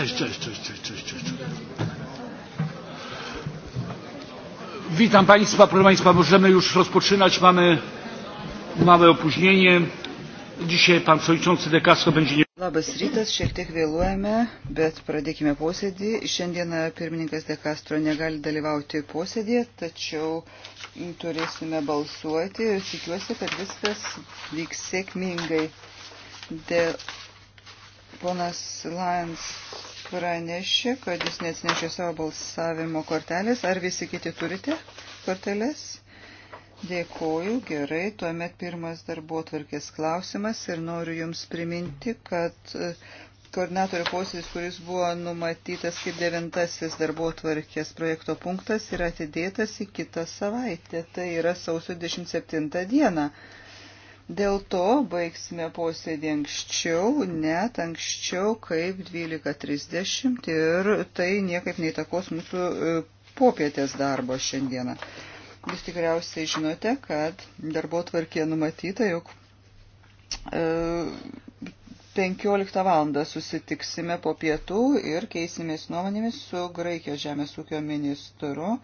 Cześć, cześć, cześć, cześć, cześć, cześć. Witam Państwa, proszę Państwa, możemy już rozpoczynać, mamy małe opóźnienie. Dzisiaj Pan Przewodniczący De Castro będzie nie... Labas rytas, šiek tiek vėluojame, bet pradėkime posėdį. Šiandieną pirmininkas De Castro negali dalyvauti posėdėje, tačiau turėsime balsuoti ir tikiuosi, kad viskas vyks sėkmingai. De ponas Lions pranešė, kad jis neatsinešė savo balsavimo kortelės. Ar visi kiti turite kortelės? Dėkoju, gerai. Tuomet pirmas darbo tvarkės klausimas ir noriu Jums priminti, kad e, koordinatorių posėdis, kuris buvo numatytas kaip devintasis darbo tvarkės projekto punktas, yra atidėtas į kitą savaitę. Tai yra sausio 27 dieną. Dėl to baigsime posėdį anksčiau, net anksčiau kaip 12.30 ir tai niekaip neįtakos mūsų e, popietės darbo šiandieną. Jūs tikriausiai žinote, kad darbo tvarkė numatyta, jog 15 e, val. susitiksime po pietų ir keisimės nuomonėmis su Graikijos žemės ūkio ministru.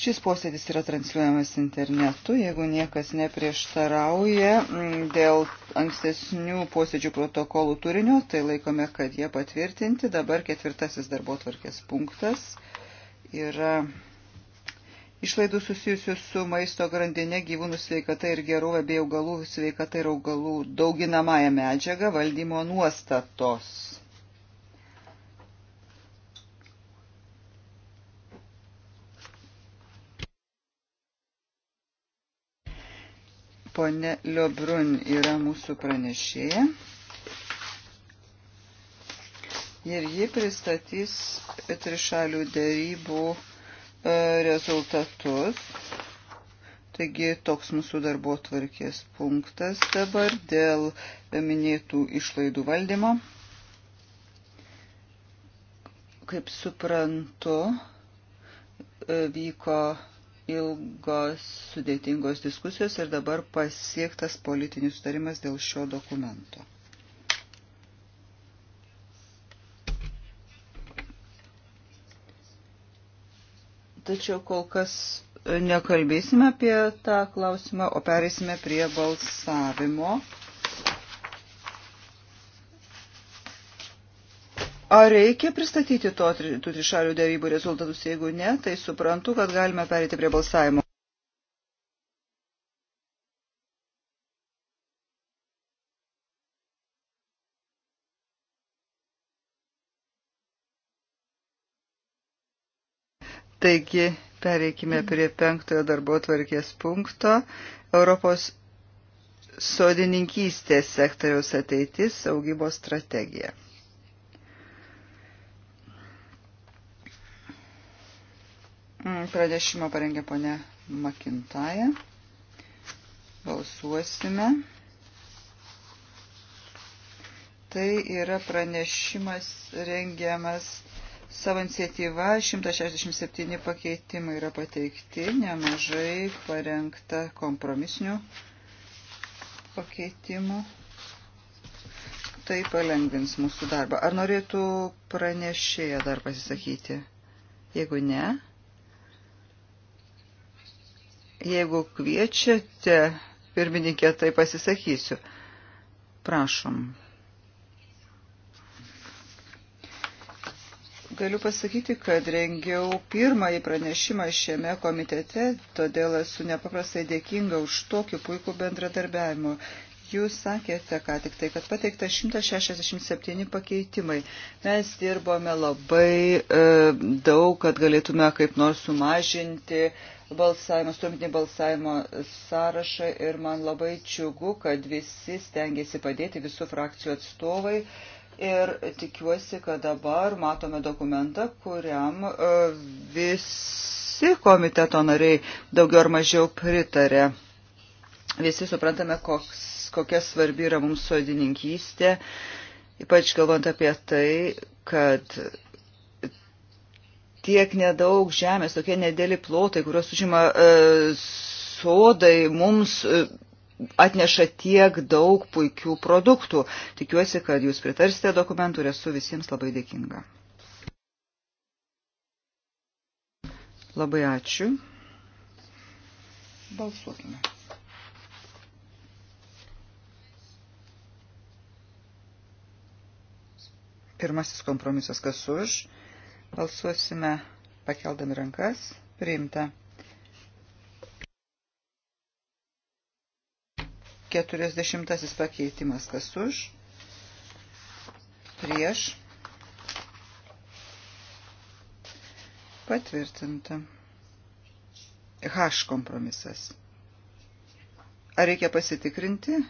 Šis posėdis yra transliuojamas internetu. Jeigu niekas neprieštarauja mm, dėl ankstesnių posėdžių protokolų turinio, tai laikome, kad jie patvirtinti. Dabar ketvirtasis darbo tvarkės punktas yra išlaidų susijusių su maisto grandinė gyvūnų sveikata ir gerovė bei augalų sveikata ir augalų dauginamąją medžiagą valdymo nuostatos. Pone Liobrun yra mūsų pranešėja. Ir ji pristatys trišalių dėrybų e, rezultatus. Taigi toks mūsų darbo tvarkės punktas dabar dėl minėtų išlaidų valdymo. Kaip suprantu, e, vyko ilgos sudėtingos diskusijos ir dabar pasiektas politinis sutarimas dėl šio dokumento. Tačiau kol kas nekalbėsime apie tą klausimą, o perėsime prie balsavimo. Ar reikia pristatyti to, tų trišalių dėrybų rezultatus? Jeigu ne, tai suprantu, kad galime perėti prie balsavimo. Taigi, pereikime prie penktojo darbo tvarkės punkto. Europos sodininkystės sektoriaus ateitis saugybos strategija. Mm, pradėšimą parengė ponė Makintaja. Balsuosime. Tai yra pranešimas rengiamas savo iniciatyva. 167 pakeitimai yra pateikti, nemažai parengta kompromisinių pakeitimų. Tai palengvins mūsų darbą. Ar norėtų pranešėja dar pasisakyti? Jeigu ne, Jeigu kviečiate, pirmininkė, tai pasisakysiu. Prašom. Galiu pasakyti, kad rengiau pirmąjį pranešimą šiame komitete, todėl esu nepaprastai dėkinga už tokį puikų bendradarbiavimo. Jūs sakėte, ką tik tai, kad pateikta 167 pakeitimai. Mes dirbome labai e, daug, kad galėtume kaip nors sumažinti balsavimą, stumtinį balsavimo sąrašą ir man labai čiugu, kad visi stengiasi padėti, visų frakcijų atstovai. Ir tikiuosi, kad dabar matome dokumentą, kuriam e, visi komiteto nariai daugiau ar mažiau pritarė. Visi suprantame, koks kokia svarbi yra mums sodininkystė, ypač galvant apie tai, kad tiek nedaug žemės, tokie nedėli plotai, kuriuos užima e, sodai, mums e, atneša tiek daug puikių produktų. Tikiuosi, kad jūs pritarsite dokumentų ir esu visiems labai dėkinga. Labai ačiū. Balsuokime. Pirmasis kompromisas kas už. Balsuosime pakeldami rankas. Priimta. 40 pakeitimas kas už, prieš, patvirtinta. H kompromisas. Ar reikia pasitikrinti?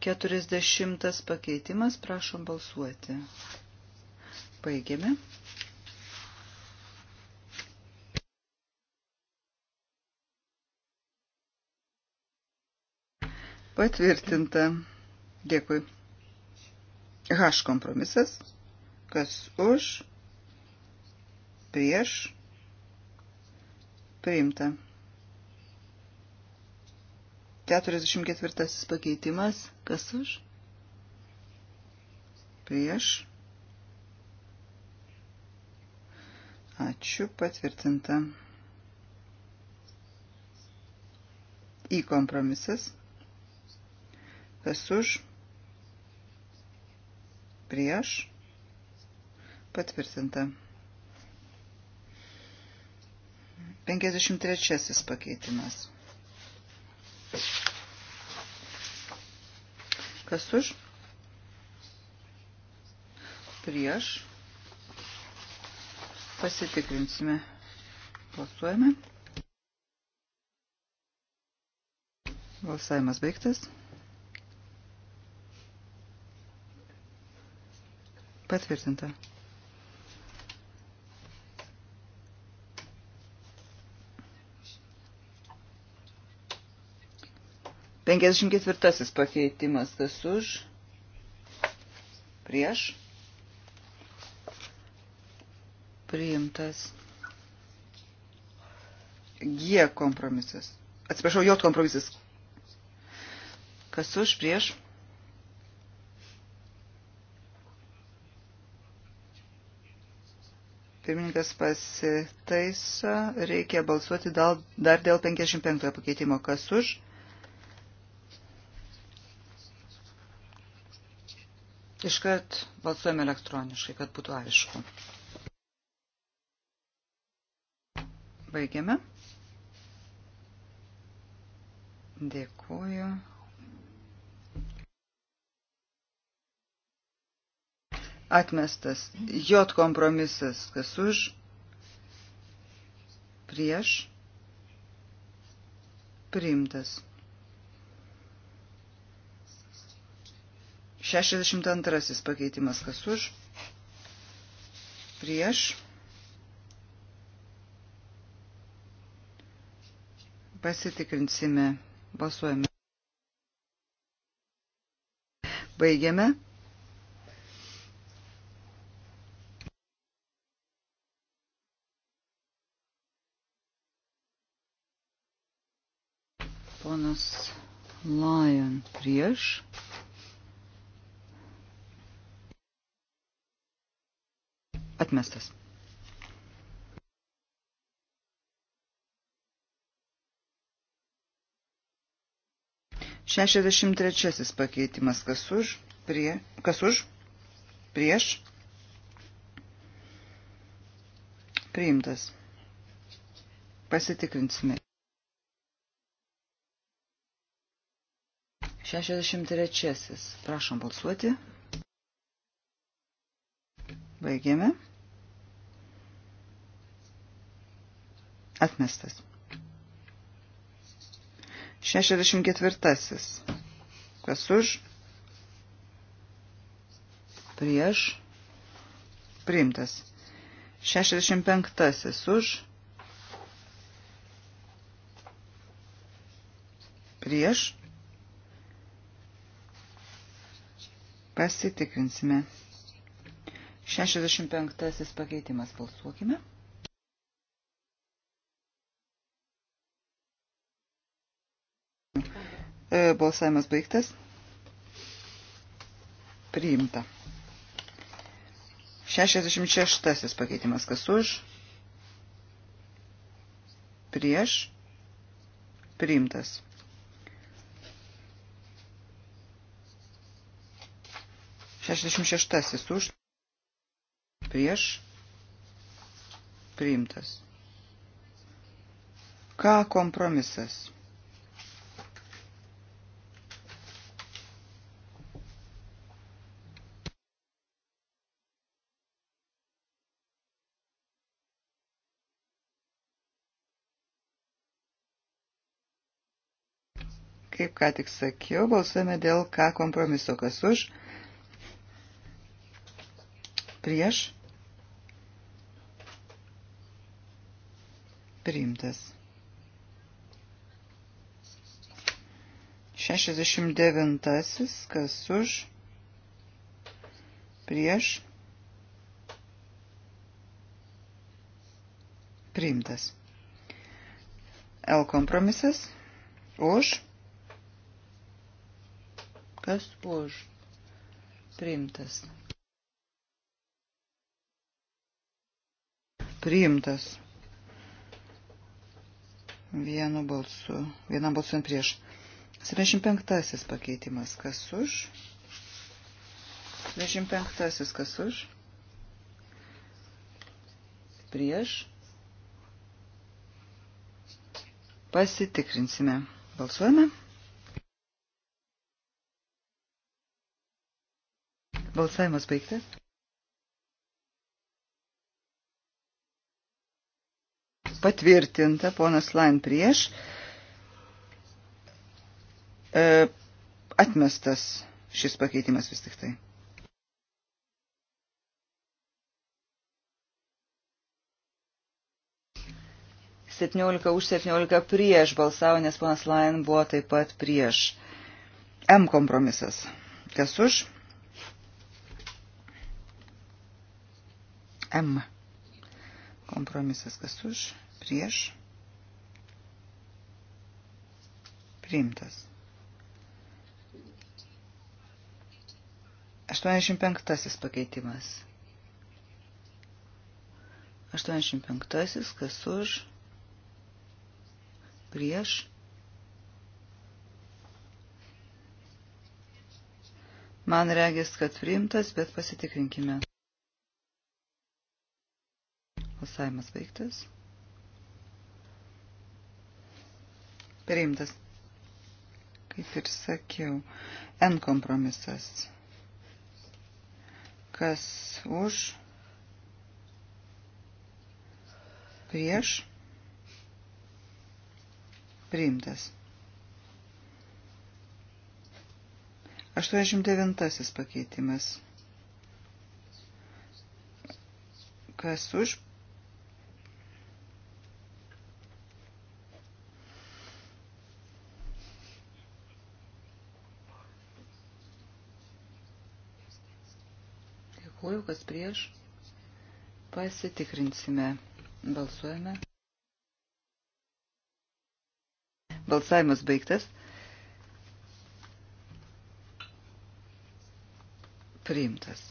40 pakeitimas, prašom balsuoti. Baigiame. Patvirtinta. Dėkui. H kompromisas. Kas už? Prieš? Priimta. 44 pakeitimas. Kas už? Prieš. Ačiū, patvirtinta. Į kompromisas. Kas už? Prieš. Patvirtinta. 53 pakeitimas. Kas už? Prieš. Pasitikrinsime. Balsuojame. Balsavimas baigtas. Patvirtinta. 54 pakeitimas kas už, prieš, priimtas. G kompromisas. Atsiprašau, J kompromisas. Kas už, prieš. Pirmininkas pasitaiso, reikia balsuoti dal, dar dėl 55 pakeitimo. Kas už? Iškart balsuojame elektroniškai, kad būtų aišku. Baigiame. Dėkuoju. Atmestas J kompromisas, kas už, prieš, priimtas. 62 pakeitimas kas už, prieš, pasitikrinsime, balsuojame. Baigiame. Ponas Lion prieš. atmestas. Šešiasdešimt trečiasis pakeitimas, kas už, prie, kas už, prieš, priimtas. Pasitikrinsime. 63. Prašom balsuoti. Baigėme. Atmestas. 64. Kas už? Prieš. Priimtas. 65. Už. Prieš. Pasitikrinsime. 65. pakeitimas. Balsuokime. Balsavimas baigtas. Priimta. 66 pakeitimas kas už. Prieš. Priimtas. Šešdešimt šeštasis už. Prieš. Priimtas. Ką kompromisas? Kaip ką tik sakiau, balsuojame dėl ką kompromiso, kas už, prieš, priimtas. 69. Kas už, prieš, priimtas. L kompromisas už, Kas už? Priimtas. Priimtas. Vienu balsu. Vienam balsu prieš. 75 pakeitimas. Kas už? 25 kas už? Prieš. Pasitikrinsime. Balsuojame. Balsavimas baigtas. Patvirtinta, ponas Lain prieš. E, atmestas šis pakeitimas vis tik tai. Septyniolika už septyniolika prieš balsavo, nes ponas Lain buvo taip pat prieš. M kompromisas. Kas už? M. Kompromisas kas už, prieš, priimtas. 85 pakeitimas. 85 kas už, prieš, Man regis, kad priimtas, bet pasitikrinkime. Balsavimas baigtas. Priimtas. Kaip ir sakiau, N kompromisas. Kas už, prieš, priimtas. 89 pakeitimas. Kas už dėkuoju, kas prieš. Pasitikrinsime. Balsuojame. Balsavimas baigtas. Priimtas.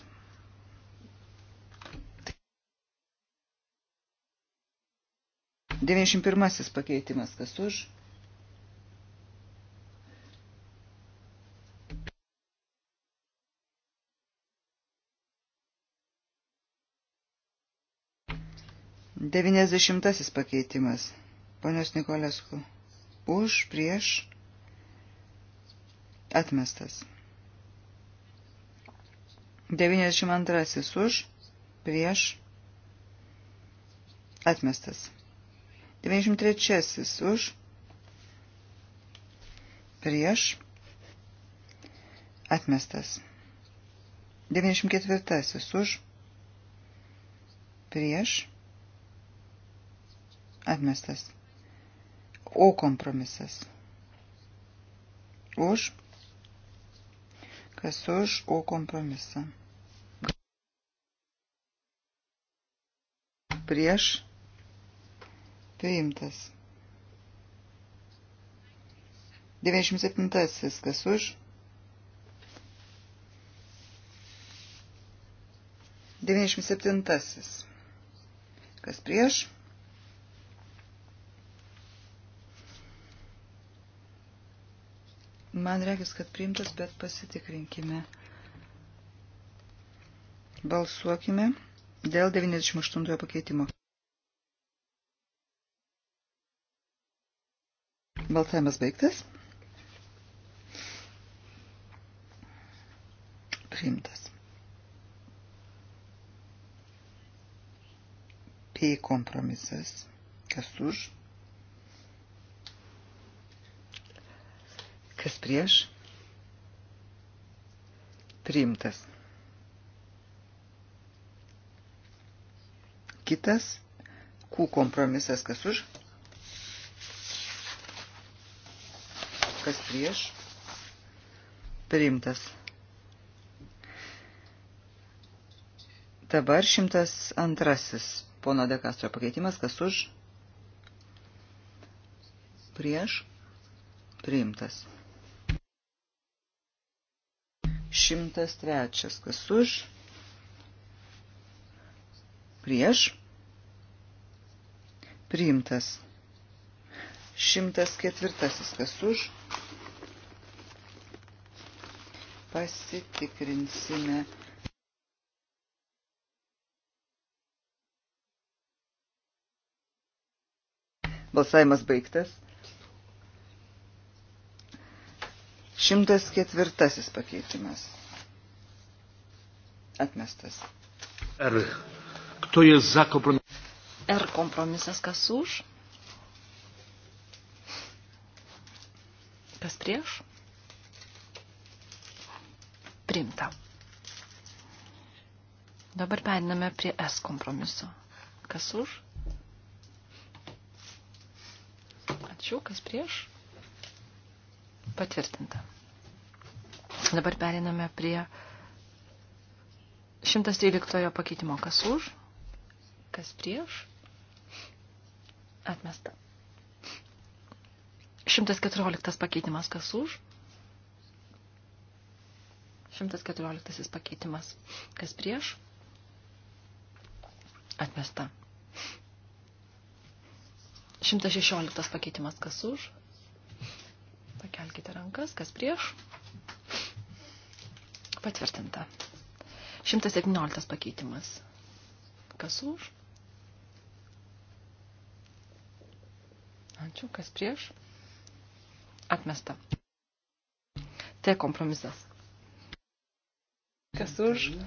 Devinšim pirmasis pakeitimas, kas už? 90 pakeitimas. Ponios Nikolesku. Už, prieš, atmestas. 92 už, prieš, atmestas. 93 už, prieš, atmestas. 94 už, prieš, atmestas. Atmestas. O kompromisas. Už. Kas už O kompromisą. Prieš. Priimtas. 97. Kas už? 97. Kas prieš? Man reikės, kad priimtas, bet pasitikrinkime. Balsuokime dėl 98 pakeitimo. Balsavimas baigtas. Priimtas. P kompromisas. Kas už? Kas prieš? Priimtas. Kitas Q kompromisas kas už? Kas prieš? Priimtas. Dabar šimtas antrasis pono Dekastro pakeitimas, kas už prieš priimtas. 103. Kas už? Prieš. Priimtas. 104. Kas už? Pasitikrinsime. Balsavimas baigtas. 104 pakeitimas. Atmestas. R. Kto jest za kompromis? R kompromisas kas už? Kas prieš? Primta. Dabar periname prie S kompromiso. Kas už? Ačiū, kas prieš? Patvirtinta. Dabar periname prie 113 pakeitimo. Kas už? Kas prieš? Atmesta. 114 pakeitimas. Kas už? 114 pakeitimas. Kas prieš? Atmesta. 116 pakeitimas. Kas už? Pakelkite rankas. Kas prieš? Atmesta. Patvirtinta. 117 pakeitimas. Kas už? Ačiū. Kas prieš? Atmesta. Tai kompromisas. Kas už?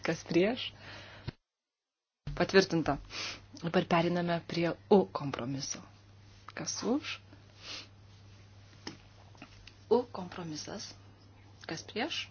Kas prieš? Patvirtinta. Dabar periname prie U kompromiso. Kas už? U kompromisas. Kas prieš?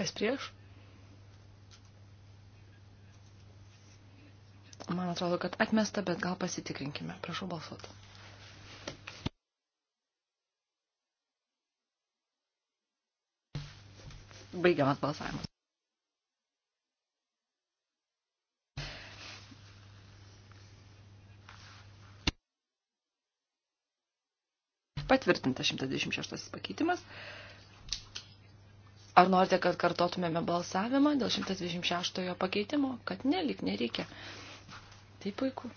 Kas prieš? Man atrodo, kad atmesta, bet gal pasitikrinkime. Prašau balsuoti. Baigiamas balsavimas. Patvirtinta 126 pakeitimas. Ar norite, kad kartotumėme balsavimą dėl 126 pakeitimo? Kad nelik, nereikia. Tai puiku.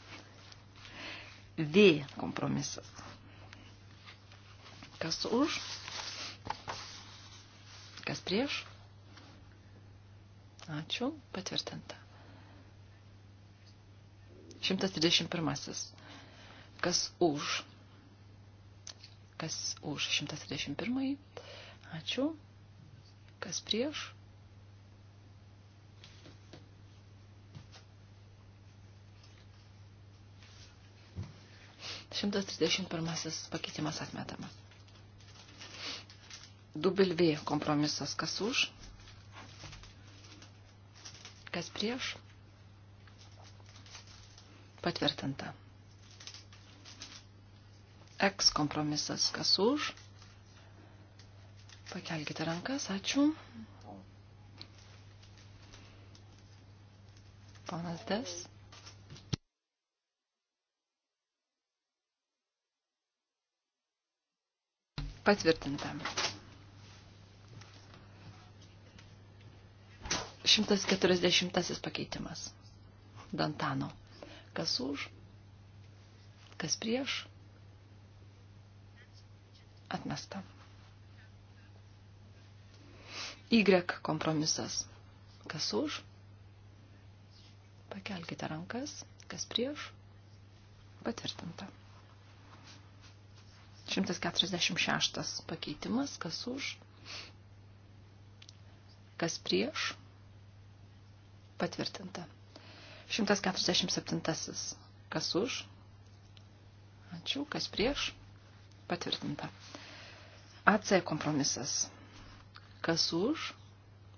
V kompromisas. Kas už? Kas prieš? Ačiū. Patvirtinta. 131. Kas už? Kas už 131? Ačiū. Kas prieš? Šimtas trisdešimt pirmasis pakeitimas atmetama. Dubel V kompromisas. Kas už? Kas prieš? Patvirtinta. X kompromisas. Kas už? Pakelkite rankas, ačiū. Ponas Des. Patvirtinta. 140 pakeitimas. Dantano. Kas už, kas prieš, atmesta. Y kompromisas. Kas už? Pakelkite rankas. Kas prieš? Patvirtinta. 146 pakeitimas. Kas už? Kas prieš? Patvirtinta. 147. Kas už? Ačiū. Kas prieš? Patvirtinta. AC kompromisas. Kas už?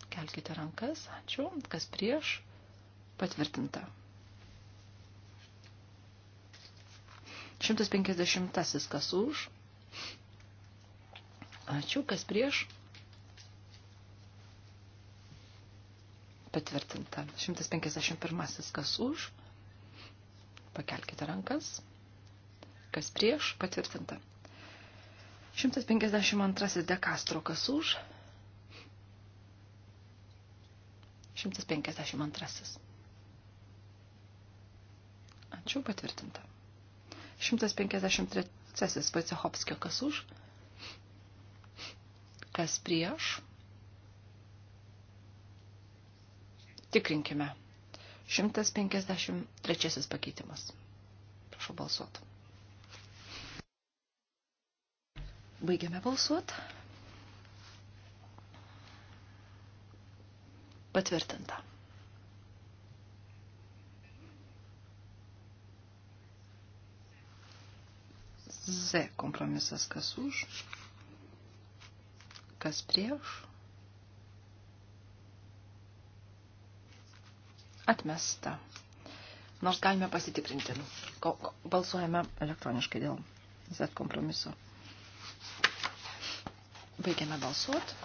Kelkite rankas. Ačiū. Kas prieš? Patvirtinta. 150. Kas už? Ačiū. Kas prieš? Patvirtinta. 151. Kas už? Pakelkite rankas. Kas prieš? Patvirtinta. 152 dekastro kas už, 152. Ačiū patvirtinta. 153. Vaicehovskio kas už, kas prieš. Tikrinkime. 153 pakeitimas. Prašau balsuoti. Baigiame balsuoti. Patvirtinta. Z kompromisas kas už, kas prieš. Atmesta. Nors galime pasitikrinti. Balsuojame elektroniškai dėl Z kompromiso. Baigiame balsuoti.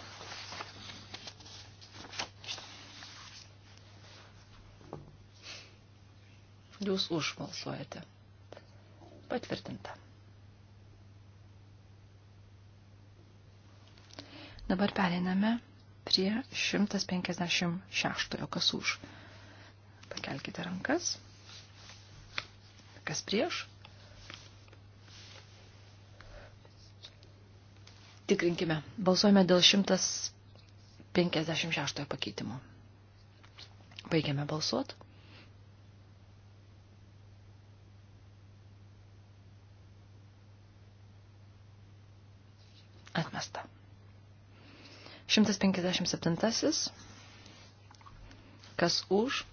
Jūs už balsuojate. Patvirtinta. Dabar pereiname prie 156, kas už. Pakelkite rankas. Kas prieš? Tikrinkime. Balsuojame dėl 156 pakeitimo. Baigiame balsuoti. Atmesta. 157. Kas už?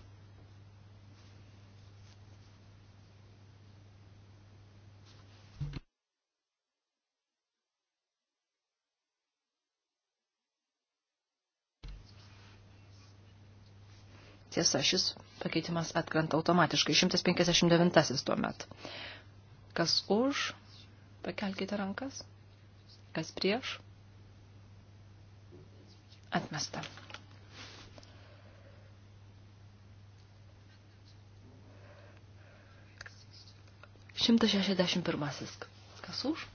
Tiesa, šis pakeitimas atkrenta automatiškai. 159 tuomet. Kas už? Pakelkite rankas kas prieš, atmesta. Šimtas šešiasdešimt pirmasis. Kas už?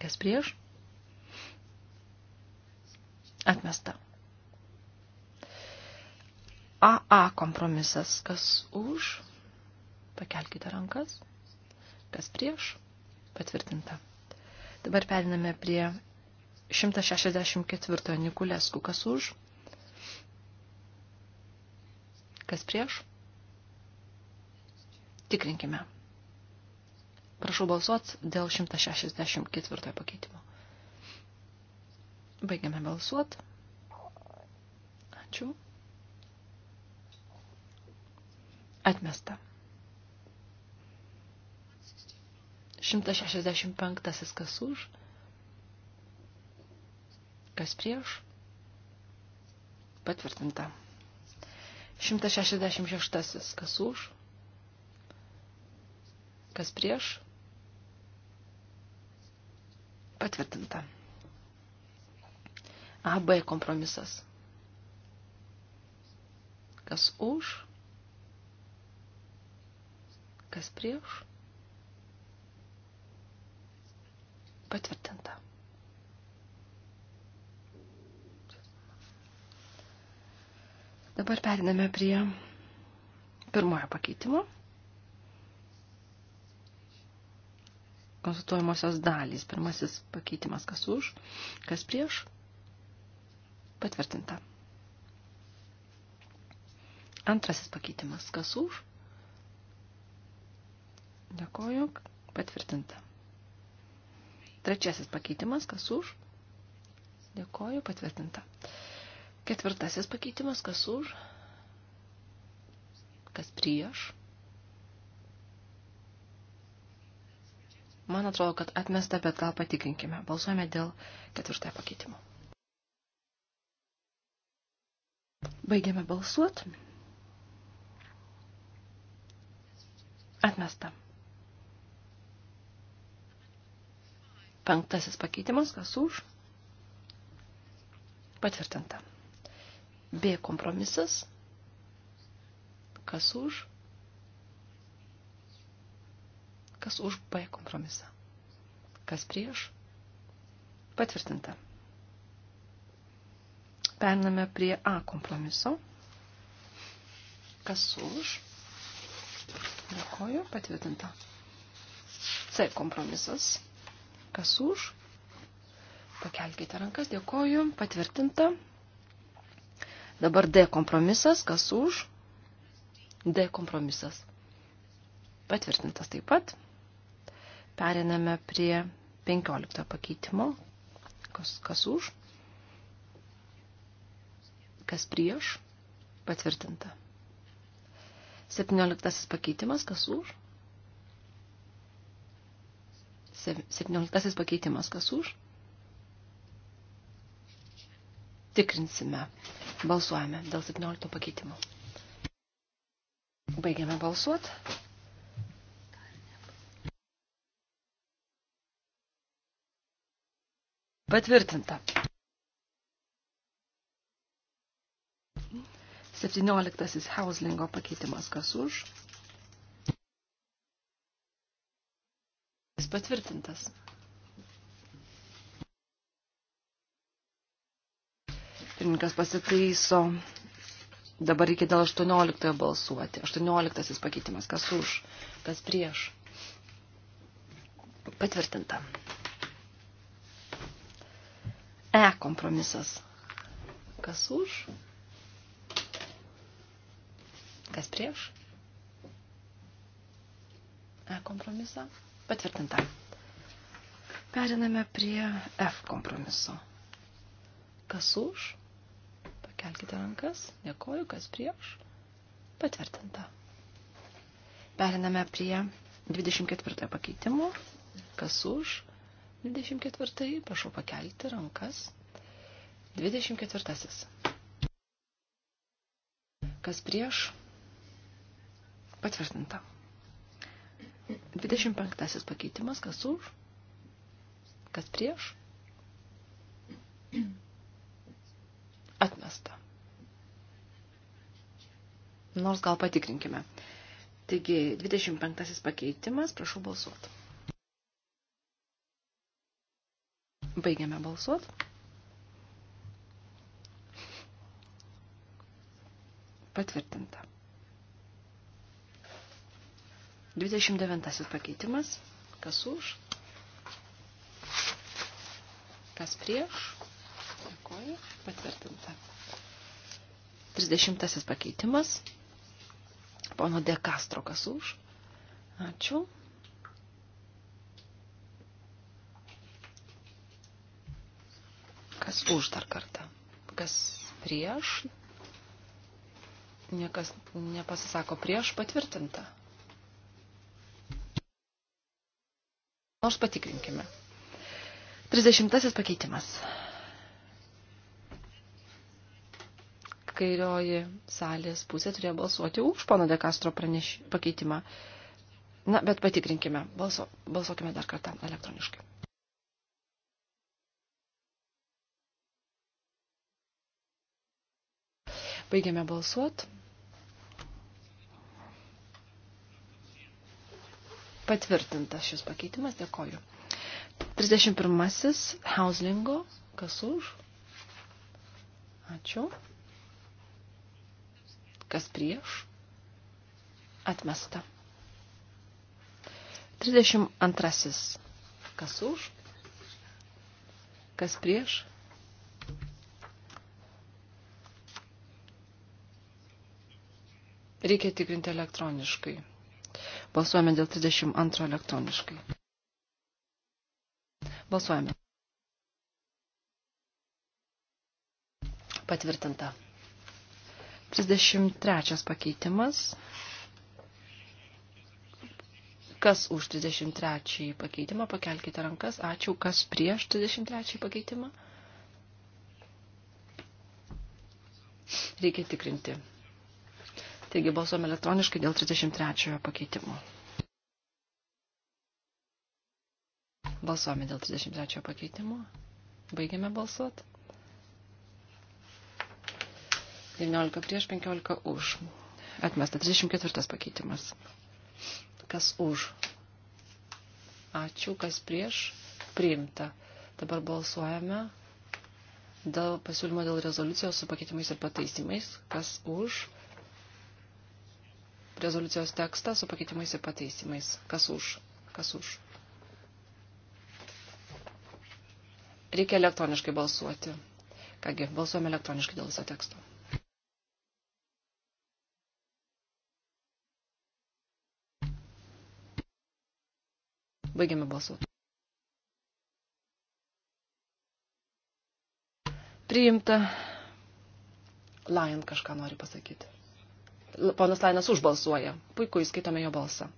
Kas prieš? Atmesta. AA kompromisas. Kas už? Pakelkite rankas. Kas prieš? Patvirtinta. Dabar periname prie 164 Nikulesku. Kas už? Kas prieš? Tikrinkime. Prašau balsuot dėl 164 pakeitimo. Baigiame balsuot. Ačiū. Atmesta. 165 kas už, kas prieš, patvirtinta. 166 kas už, kas prieš, patvirtinta. AB kompromisas. Kas už, kas prieš, Patvirtinta. Dabar periname prie pirmojo pakeitimo. Konsultuojamosios dalys. Pirmasis pakeitimas kas už, kas prieš. Patvirtinta. Antrasis pakeitimas kas už. Dėkoju. Patvirtinta. Trečiasis pakeitimas, kas už? Dėkoju, patvirtinta. Ketvirtasis pakeitimas, kas už? Kas prieš? Man atrodo, kad atmesta, bet gal patikrinkime. Balsuojame dėl ketvirtojo pakeitimo. Baigiame balsuoti. Atmesta. Penktasis pakeitimas, kas už? Patvirtinta. B kompromisas, kas už? Kas už B kompromisą? Kas prieš? Patvirtinta. Pername prie A kompromiso. Kas už? Dėkoju, patvirtinta. C kompromisas. Kas už? Pakelkite rankas, dėkoju, patvirtinta. Dabar D kompromisas, kas už? D kompromisas. Patvirtintas taip pat. Periname prie 15 pakeitimo. Kas, kas už? Kas prieš? Patvirtinta. 17 pakeitimas, kas už? 17 pakeitimas kas už. Tikrinsime. Balsuojame dėl 17 pakeitimo. Baigiame balsuot. Patvirtinta. 17 hauslingo pakeitimas kas už. Jis patvirtintas. Pirmininkas pasitaiso. Dabar reikia dėl 18 balsuoti. 18 pakeitimas. Kas už, kas prieš. Patvirtinta. E kompromisas. Kas už, kas prieš. E kompromisą. Patvirtinta. Periname prie F kompromiso. Kas už? Pakelkite rankas. Dėkoju, kas prieš? Patvirtinta. Periname prie 24 pakeitimo. Kas už? 24. Prašau pakelti rankas. 24. Kas prieš? Patvirtinta. 25 pakeitimas, kas už, kas prieš. Atmesta. Nors gal patikrinkime. Taigi, 25 pakeitimas, prašau balsuoti. Baigiame balsuoti. Patvirtinta. 29 pakeitimas. Kas už? Kas prieš? Dėkoju. Patvirtinta. 30 pakeitimas. Pono De Castro, kas už? Ačiū. Kas už dar kartą? Kas prieš? Niekas nepasisako prieš patvirtinta. nors patikrinkime. 30 pakeitimas. Kairioji salės pusė turėjo balsuoti už pono De Castro praneš... pakeitimą. Na, bet patikrinkime. Balsu... Balsuokime dar kartą elektroniškai. Baigiame balsuoti. Patvirtintas šis pakeitimas, dėkoju. 31. Hauslingo, kas už? Ačiū. Kas prieš? Atmesta. 32. Kas už? Kas prieš? Reikia tikrinti elektroniškai. Balsuojame dėl 32 elektroniškai. Balsuojame. Patvirtinta. 33 pakeitimas. Kas už 33 pakeitimą? Pakelkite rankas. Ačiū. Kas prieš 33 pakeitimą? Reikia tikrinti. Taigi balsuom elektroniškai dėl 33 pakeitimo. Balsuojame dėl 33 pakeitimo. Baigiame balsuoti. 19 prieš 15 už. Atmesta 34 pakeitimas. Kas už? Ačiū, kas prieš? Priimta. Dabar balsuojame dėl pasiūlymo dėl rezoliucijos su pakeitimais ir pataisimais. Kas už? rezoliucijos tekstą su pakeitimais ir pataisimais. Kas už? Kas už? Reikia elektroniškai balsuoti. Kągi, balsuojame elektroniškai dėl viso teksto. Baigiame balsuoti. Priimta. Lion kažką nori pasakyti ponas Lainas užbalsuoja. Puiku, įskaitome jo balsą.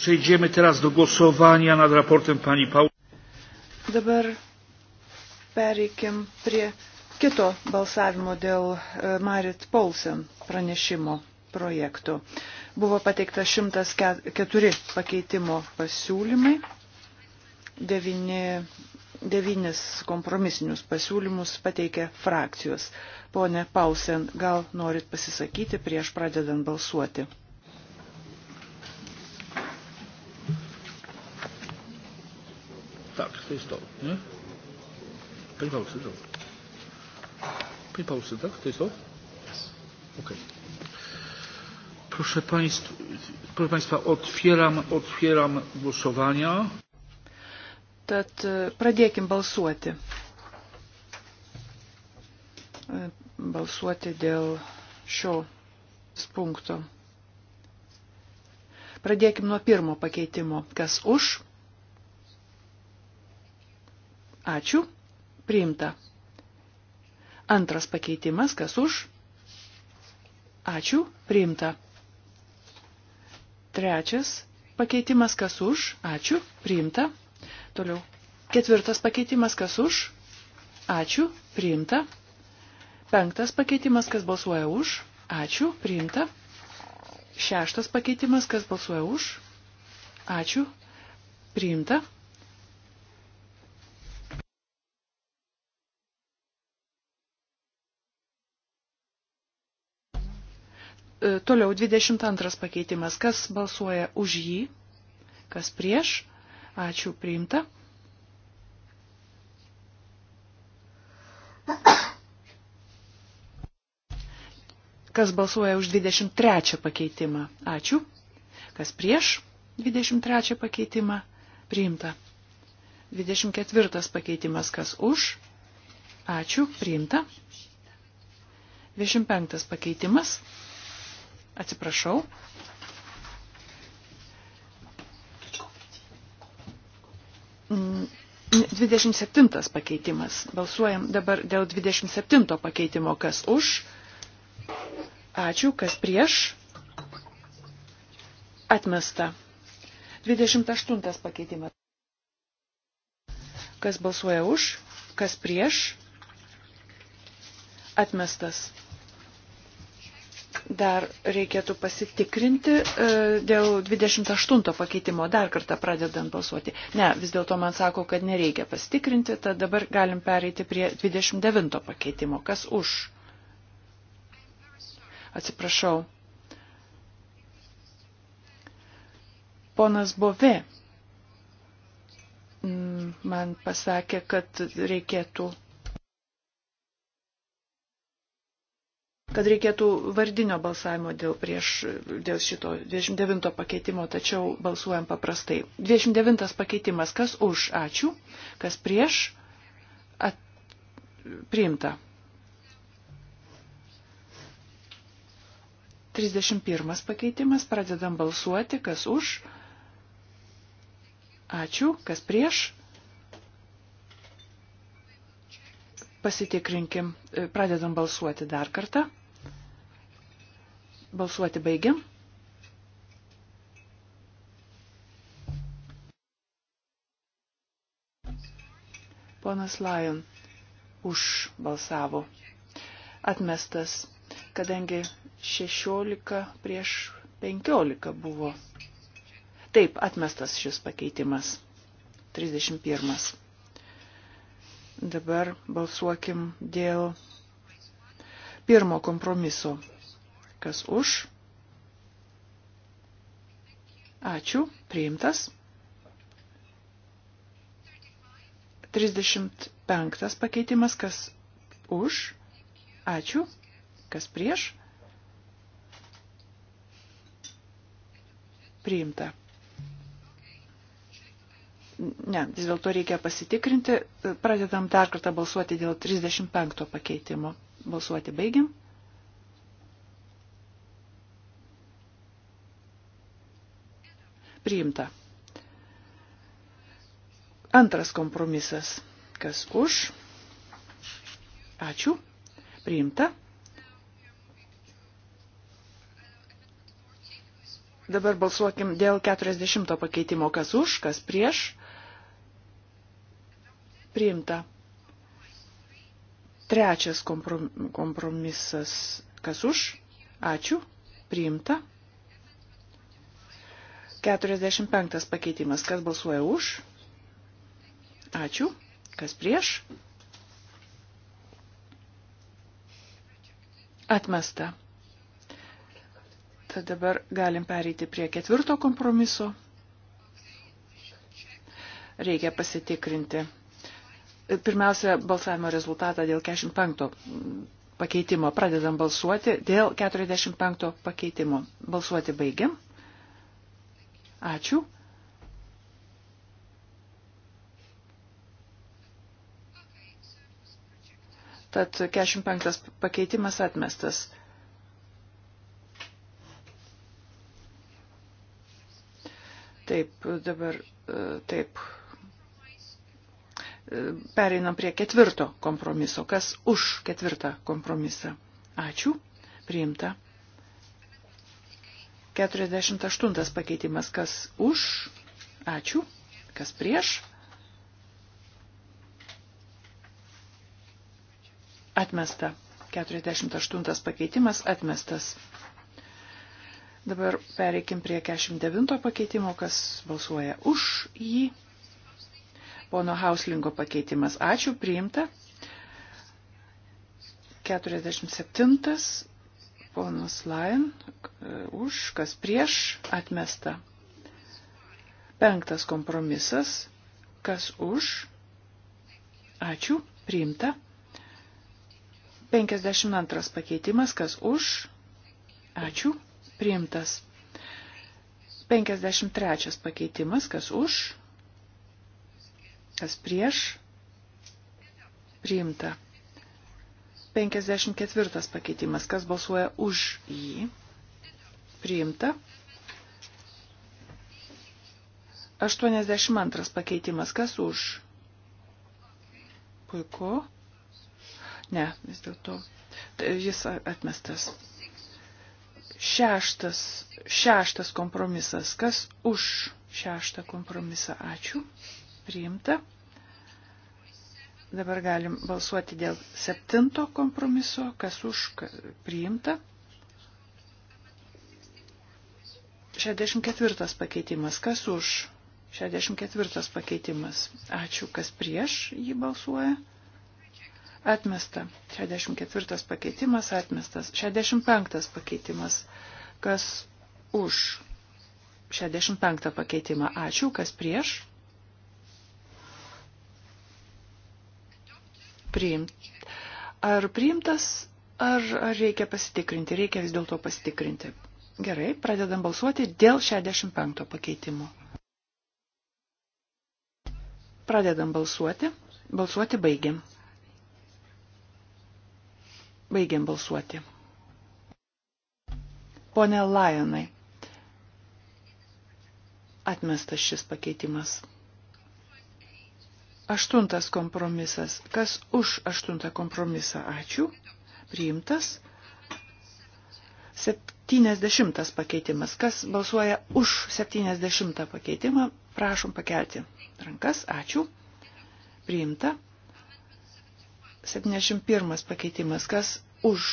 Przejdziemy teraz do głosowania nad raportem pani Paulus. Dabar pereikim prie kito balsavimo dėl e, Marit Paulsen pranešimo projektų. Buvo pateikta 104 pakeitimo pasiūlymai, 9, 9 kompromisinius pasiūlymus pateikė frakcijos. Pone Paulsen, gal norit pasisakyti prieš pradedant balsuoti? tej stop, nie? Pani Paulsy, dobrze. Pani Paulsy, tak? To jest to? Okay. Proszę, państw, proszę Państwa, otwieram, otwieram głosowania. Tad e, pradėkim balsuoti. E, balsuoti dėl šio punkto. Pradėkim nuo pirmo pakeitimo. Kas už? Ačiū. Priimta. Antras pakeitimas, kas už? Ačiū. Priimta. Trečias pakeitimas, kas už? Ačiū. Priimta. Toliau. Ketvirtas pakeitimas, kas už? Ačiū. Priimta. Penktas pakeitimas, kas balsuoja už? Ačiū. Priimta. Šeštas pakeitimas, kas balsuoja už? Ačiū. Priimta. Toliau 22 pakeitimas. Kas balsuoja už jį? Kas prieš? Ačiū, priimta. Kas balsuoja už 23 pakeitimą? Ačiū. Kas prieš 23 pakeitimą? Priimta. 24 pakeitimas. Kas už? Ačiū. Priimta. 25 pakeitimas. Atsiprašau. Mm. 27 pakeitimas. Balsuojam dabar dėl 27 pakeitimo. Kas už? Ačiū. Kas prieš? Atmesta. 28 pakeitimas. Kas balsuoja už? Kas prieš? Atmestas dar reikėtų pasitikrinti e, dėl 28 pakeitimo, dar kartą pradedant balsuoti. Ne, vis dėlto man sako, kad nereikia pasitikrinti, tad dabar galim pereiti prie 29 pakeitimo. Kas už? Atsiprašau. Ponas Bove mm, man pasakė, kad reikėtų kad reikėtų vardinio balsavimo dėl, prieš, dėl šito 29 pakeitimo, tačiau balsuojam paprastai. 29 pakeitimas, kas už, ačiū, kas prieš, at, priimta. 31 pakeitimas, pradedam balsuoti, kas už, ačiū, kas prieš, pasitikrinkim, pradedam balsuoti dar kartą. Balsuoti baigiam. Ponas Lion už balsavo. Atmestas, kadangi 16 prieš 15 buvo. Taip, atmestas šis pakeitimas. 31. Dabar balsuokim dėl pirmo kompromiso Kas už? Ačiū. Priimtas. 35 pakeitimas. Kas už? Ačiū. Kas prieš? Priimta. Ne, vis dėlto reikia pasitikrinti. Pradedam dar kartą balsuoti dėl 35 pakeitimo. Balsuoti baigiam. priimta. Antras kompromisas. Kas už? Ačiū. Priimta. Dabar balsuokim dėl 40 pakeitimo. Kas už, kas prieš? Priimta. Trečias kompromisas. Kas už? Ačiū. Priimta. 45 pakeitimas. Kas balsuoja už? Ačiū. Kas prieš? Atmesta. Tad dabar galim pereiti prie ketvirto kompromiso. Reikia pasitikrinti. Pirmiausia, balsavimo rezultatą dėl 45 pakeitimo. Pradedam balsuoti dėl 45 pakeitimo. Balsuoti baigiam. Ačiū. Tad 45 pakeitimas atmestas. Taip, dabar e, taip. E, pereinam prie ketvirto kompromiso. Kas už ketvirtą kompromisą? Ačiū. Priimta. 48 pakeitimas. Kas už? Ačiū. Kas prieš? Atmesta. 48 pakeitimas atmestas. Dabar pereikim prie 49 pakeitimo, kas balsuoja už jį. Pono Hauslingo pakeitimas. Ačiū, priimta. 47 Ponas Lain e, už, kas prieš atmesta. Penktas kompromisas, kas už. Ačiū, priimta. 52 pakeitimas, kas už. Ačiū, priimtas. 53 pakeitimas, kas už. Kas prieš. Priimta. 54 pakeitimas. Kas balsuoja už jį? Priimta. 82 pakeitimas. Kas už? Puiku. Ne, vis dėlto. Tai jis atmestas. Šeštas, šeštas kompromisas. Kas už šeštą kompromisą? Ačiū. Priimta. Dabar galim balsuoti dėl septinto kompromiso, kas už priimta. 64 pakeitimas, kas už 64 pakeitimas. Ačiū, kas prieš jį balsuoja. Atmesta. 64 pakeitimas atmestas. 65 pakeitimas. Kas už 65 pakeitimą? Ačiū, kas prieš? priimti. Ar priimtas, ar, ar reikia pasitikrinti? Reikia vis dėlto pasitikrinti. Gerai, pradedam balsuoti dėl 65 pakeitimo. Pradedam balsuoti. Balsuoti baigiam. Baigiam balsuoti. Pone Lajonai, atmestas šis pakeitimas. Aštuntas kompromisas. Kas už aštuntą kompromisą? Ačiū. Priimtas. Septynesdešimtas pakeitimas. Kas balsuoja už septynesdešimtą pakeitimą? Prašom pakelti rankas. Ačiū. Priimta. 71 pakeitimas. Kas už?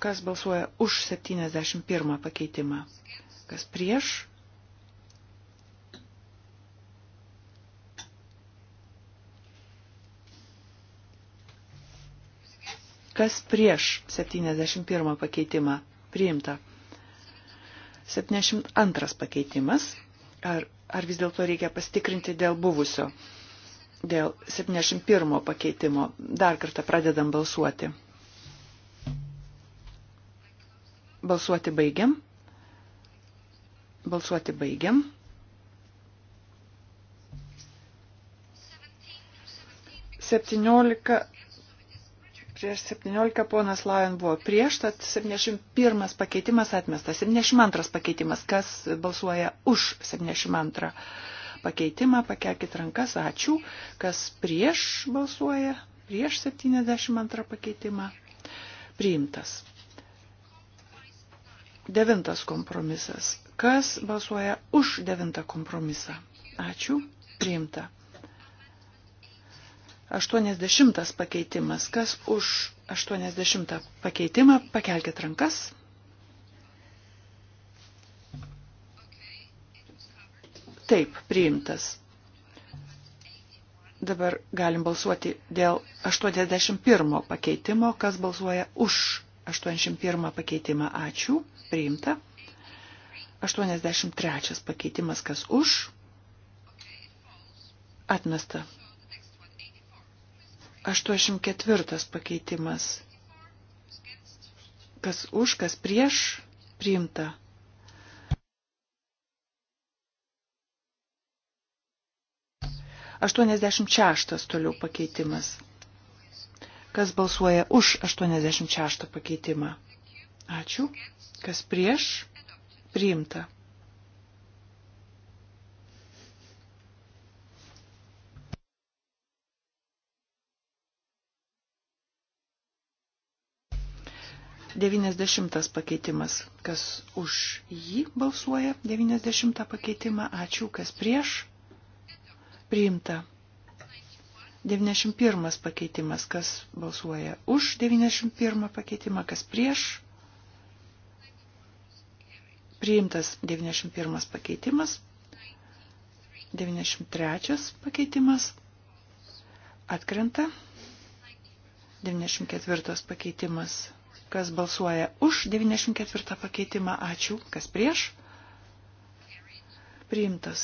Kas balsuoja už 71 pakeitimą? Kas prieš? Kas prieš 71 pakeitimą? Priimta. 72 pakeitimas. Ar, ar vis dėlto reikia pastikrinti dėl buvusio? Dėl 71 pakeitimo. Dar kartą pradedam balsuoti. Balsuoti baigiam. Balsuoti baigiam. 17 prieš 17 ponas Lajon buvo prieš, tad 71 pakeitimas atmestas, 72 pakeitimas, kas balsuoja už 72 pakeitimą, pakelkit rankas, ačiū, kas prieš balsuoja, prieš 72 pakeitimą, priimtas. Devintas kompromisas. Kas balsuoja už devintą kompromisą? Ačiū, priimta. 80 pakeitimas. Kas už 80 pakeitimą, pakelkit rankas. Taip, priimtas. Dabar galim balsuoti dėl 81 pakeitimo, kas balsuoja už 81 pakeitimą. Ačiū, priimta. 83 pakeitimas, kas už. Atmesta. 84 pakeitimas. Kas už, kas prieš priimta. Aštuoniasdešimt šeštas toliau pakeitimas. Kas balsuoja už 86 pakeitimą? Ačiū. Kas prieš? Priimta. 90 pakeitimas. Kas už jį balsuoja? 90 pakeitimą. Ačiū. Kas prieš? Priimta. 91 pakeitimas. Kas balsuoja už 91 pakeitimą? Kas prieš? Priimtas 91 pakeitimas. 93 pakeitimas. Atkrenta. 94 pakeitimas Kas balsuoja už 94 pakeitimą, ačiū. Kas prieš? Priimtas.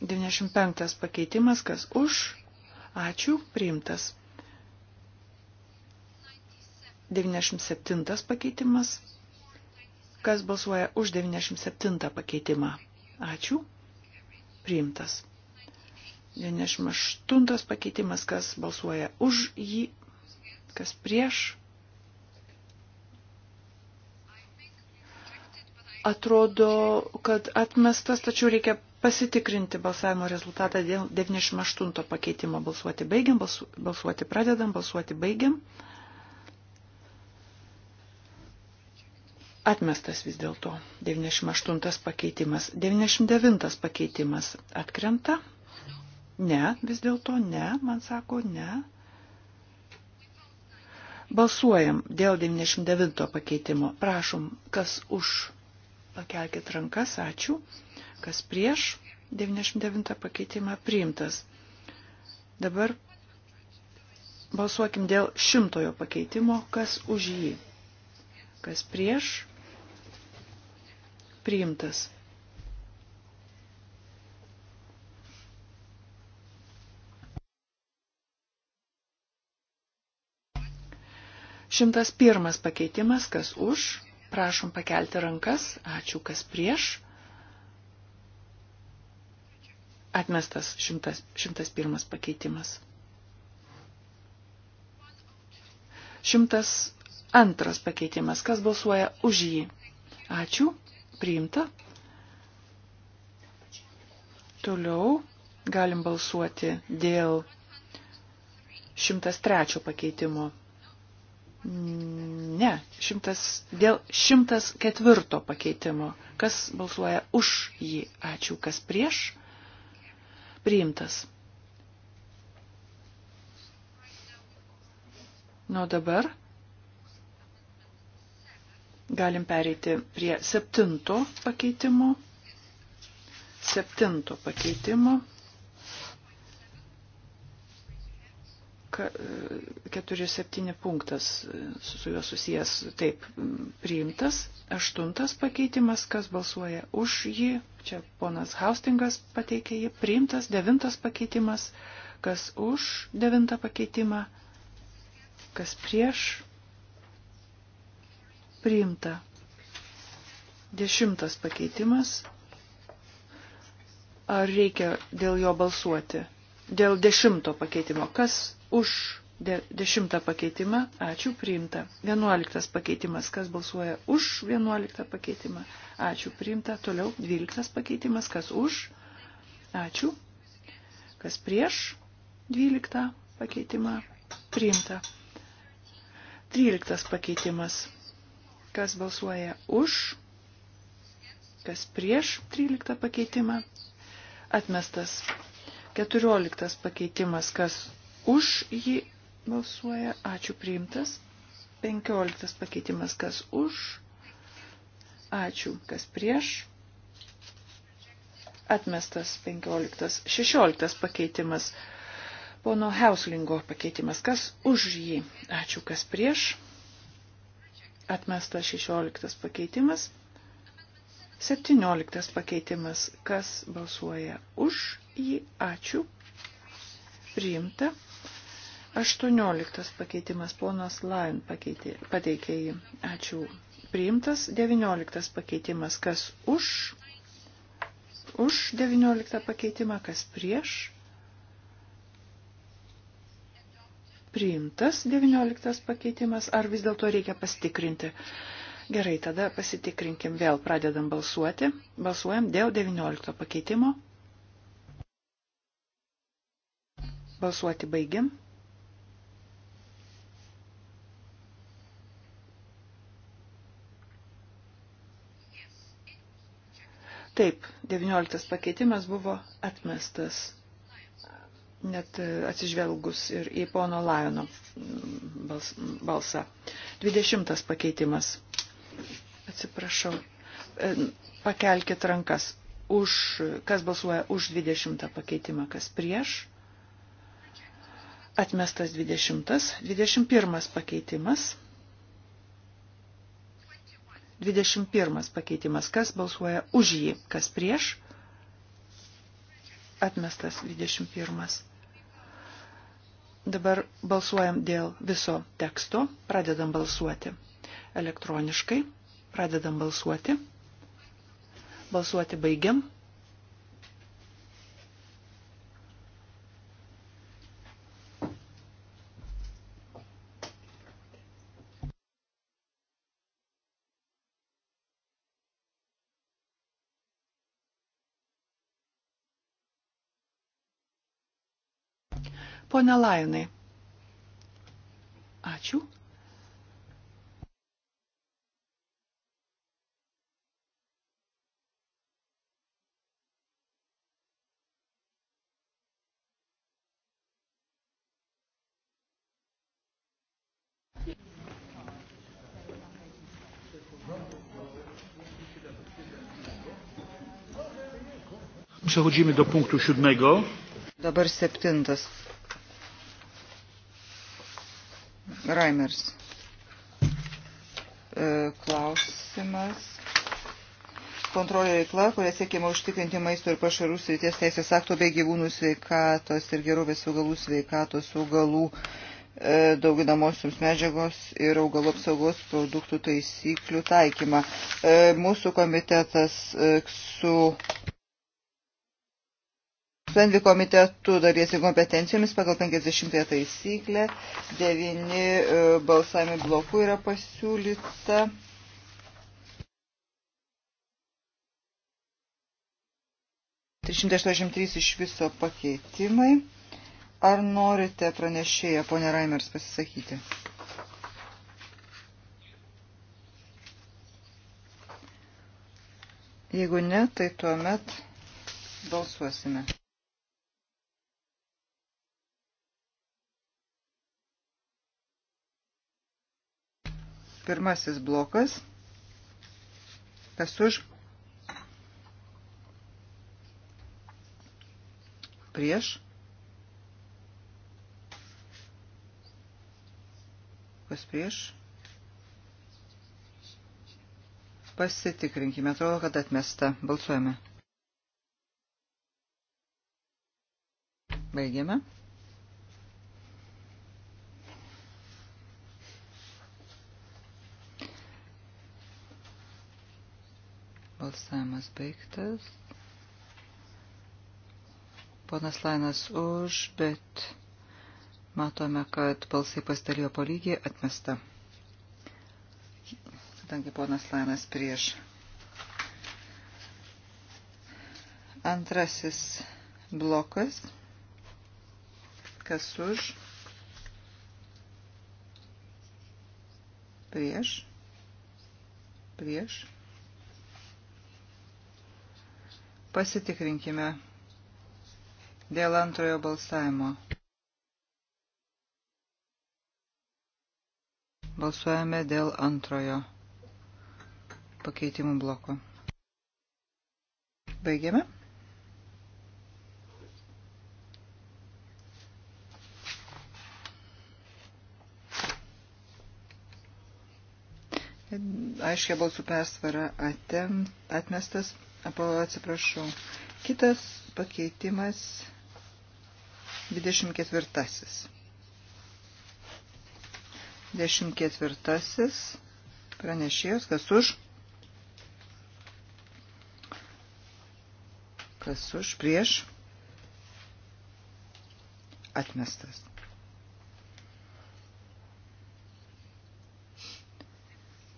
95 pakeitimas, kas už, ačiū, priimtas. 97 pakeitimas, kas balsuoja už 97 pakeitimą, ačiū, priimtas. 98 pakeitimas, kas balsuoja už jį, kas prieš, atrodo, kad atmestas, tačiau reikia pasitikrinti balsavimo rezultatą dėl 98 pakeitimo. Balsuoti baigiam, balsu, balsuoti pradedam, balsuoti baigiam. Atmestas vis dėlto 98 pakeitimas. 99 pakeitimas atkrenta. Ne, vis dėlto ne, man sako, ne. Balsuojam dėl 99 pakeitimo. Prašom, kas už Pakelkit rankas, ačiū. Kas prieš? 99 pakeitimą priimtas. Dabar balsuokim dėl šimtojo pakeitimo, kas už jį. Kas prieš? Priimtas. Šimtas pirmas pakeitimas, kas už, Prašom pakelti rankas. Ačiū, kas prieš. Atmestas 101 pakeitimas. 102 pakeitimas. Kas balsuoja už jį? Ačiū. Priimta. Toliau galim balsuoti dėl 103 pakeitimo. Ne, šimtas, dėl 104 pakeitimo. Kas balsuoja už jį? Ačiū. Kas prieš? Priimtas. Nuo dabar galim pereiti prie septinto pakeitimo. Septinto pakeitimo. 47 punktas e, su juo susijęs taip priimtas. Aštuntas pakeitimas, kas balsuoja už jį, čia ponas Haustingas pateikė jį, priimtas. Devintas pakeitimas, kas už devintą pakeitimą, kas prieš, priimta. Dešimtas pakeitimas. Ar reikia dėl jo balsuoti? dėl dešimto pakeitimo. Kas už de, dešimtą pakeitimą? Ačiū, priimta. Vienuoliktas pakeitimas. Kas balsuoja už vienuoliktą pakeitimą? Ačiū, priimta. Toliau dvyliktas pakeitimas. Kas už? Ačiū. Kas prieš dvyliktą pakeitimą? Priimta. Tryliktas pakeitimas. Kas balsuoja už? Kas prieš 13 pakeitimą? Atmestas. Keturioliktas pakeitimas, kas už jį balsuoja, ačiū priimtas. Penkioliktas pakeitimas, kas už, ačiū, kas prieš. Atmestas penkioliktas. Šešioliktas pakeitimas, pono Heuslingo pakeitimas, kas už jį, ačiū, kas prieš. Atmestas šešioliktas pakeitimas. 17 pakeitimas. Kas balsuoja už jį? Ačiū. Priimta. 18 pakeitimas. Ponas Lain pakeitė, pateikė jį. Ačiū. Priimtas. 19 pakeitimas. Kas už? Už 19 pakeitimą. Kas prieš? Priimtas 19 pakeitimas. Ar vis dėlto reikia pastikrinti? Gerai, tada pasitikrinkim vėl, pradedam balsuoti. Balsuojam dėl 19 pakeitimo. Balsuoti baigiam. Taip, 19 pakeitimas buvo atmestas, net atsižvelgus ir į pono Lajono balsą. 20 pakeitimas atsiprašau, e, pakelkit rankas. Už, kas balsuoja už 20 pakeitimą, kas prieš? Atmestas 20. 21 pakeitimas. 21 pakeitimas. Kas balsuoja už jį, kas prieš? Atmestas 21. Dabar balsuojam dėl viso teksto. Pradedam balsuoti elektroniškai. Pradedam balsuoti. Balsuoti baigiam. Pone Lainai. Ačiū. przechodzimy do punktu siódmego. Dabar septintas. Raimers. E, klausimas. Kontrolė veikla, kuria siekiama užtikrinti maisto ir pašarų srities teisės akto bei gyvūnų sveikatos ir gerovės augalų sveikatos augalų e, dauginamosioms medžiagos ir augalų apsaugos produktų taisyklių taikymą. E, mūsų komitetas su Sandvi komitetų daliesi kompetencijomis pagal 50 taisyklę. Devini e, balsavimai blokų yra pasiūlyta. iš viso pakeitimai. Ar norite pranešėję, ponė Raimers, pasisakyti? Jeigu ne, tai tuomet balsuosime. Pirmasis blokas. Kas už? Prieš. Kas prieš? Pasitikrinkime, atrodo, kad atmesta. Balsuojame. Baigiame. Balsavimas baigtas. Ponas Lainas už, bet matome, kad balsai pasidalijo po lygiai atmesta. Kadangi ponas Lainas prieš. Antrasis blokas. Kas už? Prieš. Prieš. Pasitikrinkime dėl antrojo balsavimo. Balsuojame dėl antrojo pakeitimų bloko. Baigiame. Aiškia balsų persvara atmestas atsiprašau. Kitas pakeitimas 24. 24. Pranešėjos, kas už? Kas už prieš? Atmestas.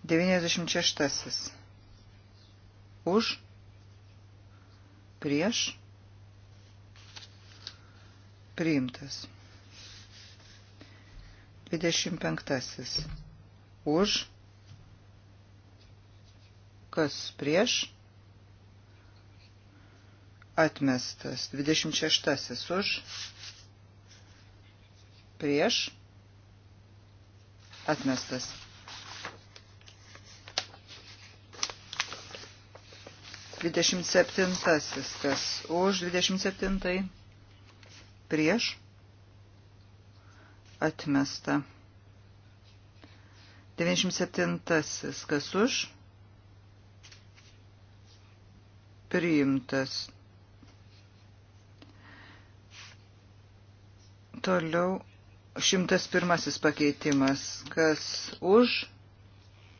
Devyniasdešimt šeštasis. Už prieš priimtas. 25. Už kas prieš atmestas. 26. Už prieš atmestas. 27. Kas už 27. Prieš. Atmesta. 97. Kas už? Priimtas. Toliau 101 pakeitimas. Kas už?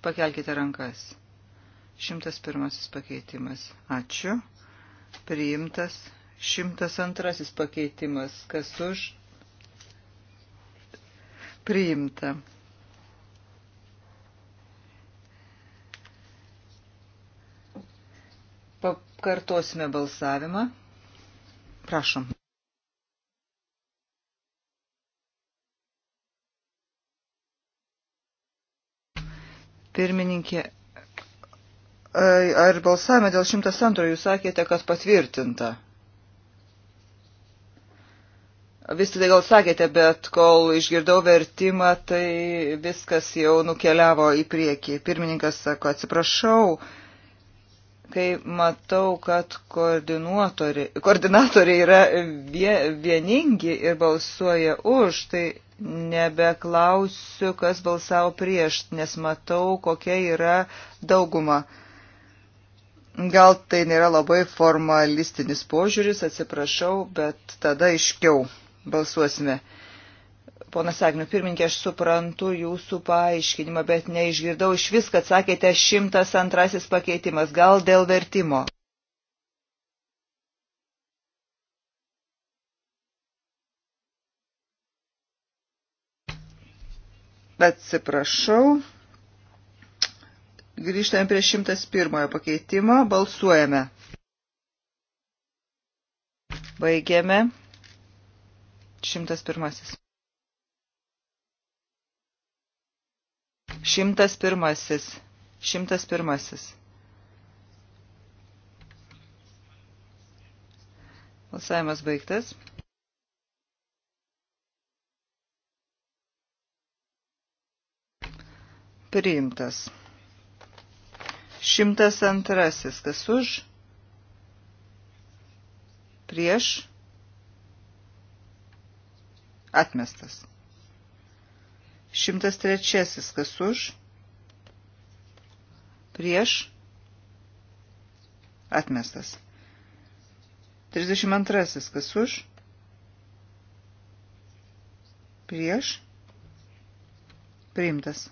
Pakelkite rankas. 101 pakeitimas. Ačiū. Priimtas. 102 pakeitimas. Kas už? Priimta. Pakartosime balsavimą. Prašom. Pirmininkė ar balsavime dėl 102 jūs sakėte, kad patvirtinta. Vis tai gal sakėte, bet kol išgirdau vertimą, tai viskas jau nukeliavo į priekį. Pirmininkas sako, atsiprašau, kai matau, kad koordinatoriai yra vie, vieningi ir balsuoja už, tai nebeklausiu, kas balsavo prieš, nes matau, kokia yra dauguma. Gal tai nėra labai formalistinis požiūris, atsiprašau, bet tada iškiau balsuosime. Ponas Agnių, pirminkė, aš suprantu jūsų paaiškinimą, bet neišgirdau iš vis, kad sakėte 102 pakeitimas, gal dėl vertimo. Atsiprašau. Grįžtame prie 101 pakeitimo. Balsuojame. Baigiame. 101. 101. 101. Balsavimas baigtas. Priimtas. Šimtas antrasis. Kas už? Prieš? Atmestas. Šimtas trečiasis. Kas už? Prieš? Atmestas. 32. Kas už? Prieš? Priimtas.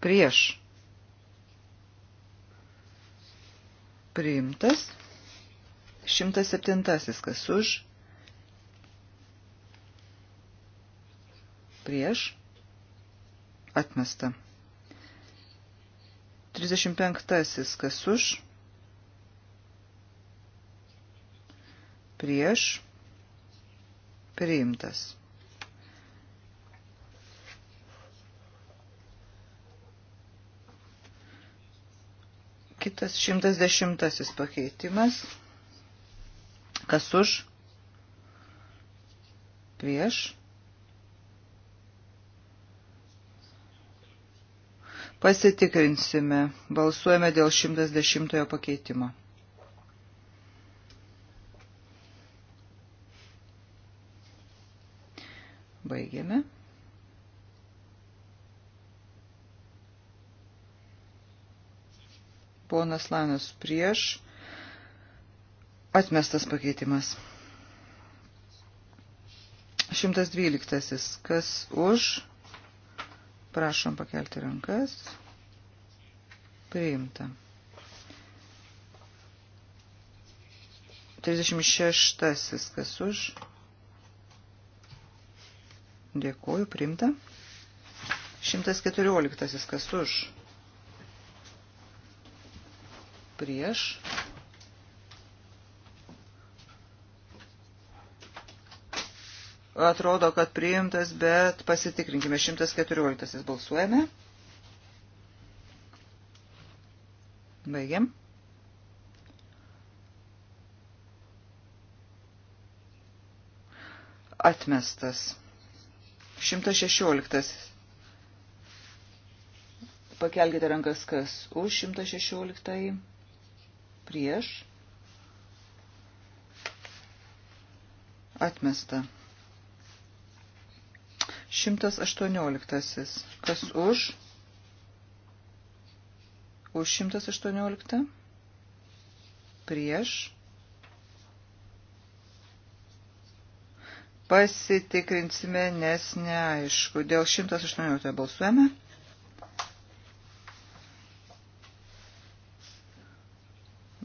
prieš priimtas, 107 kas už, prieš atmesta, 35 kas už, prieš priimtas. Kitas 110 pakeitimas. Kas už? Prieš. Pasitikrinsime. Balsuojame dėl 110 pakeitimo. Baigėme. ponas Lanas prieš, atmestas pakeitimas. 112. Kas už? Prašom pakelti rankas. Priimta. 36. Kas už? Dėkuoju, priimta. 114. Kas už? prieš. Atrodo, kad priimtas, bet pasitikrinkime. 114 balsuojame. Baigiam. Atmestas. 116. Pakelkite rankas, kas už 116 prieš, atmesta. 118. Kas už? Už 118. Prieš. Pasitikrinsime, nes neaišku. Dėl 118 balsuojame.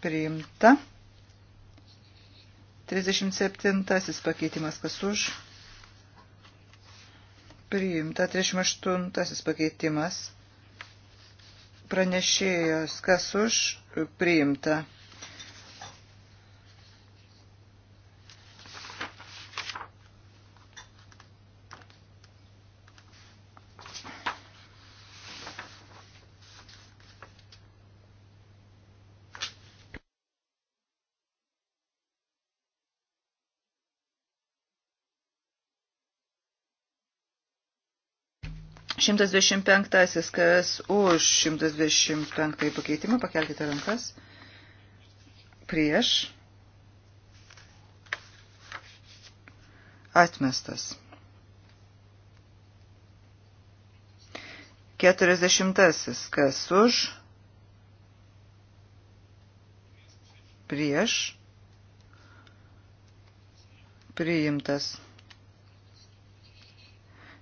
priimta. 37 pakeitimas kas už priimta. 38 pakeitimas pranešėjos kas už priimta. 125. Kas už 125 pakeitimą, pakelkite rankas. Prieš. Atmestas. 40. Kas už. Prieš. Priimtas.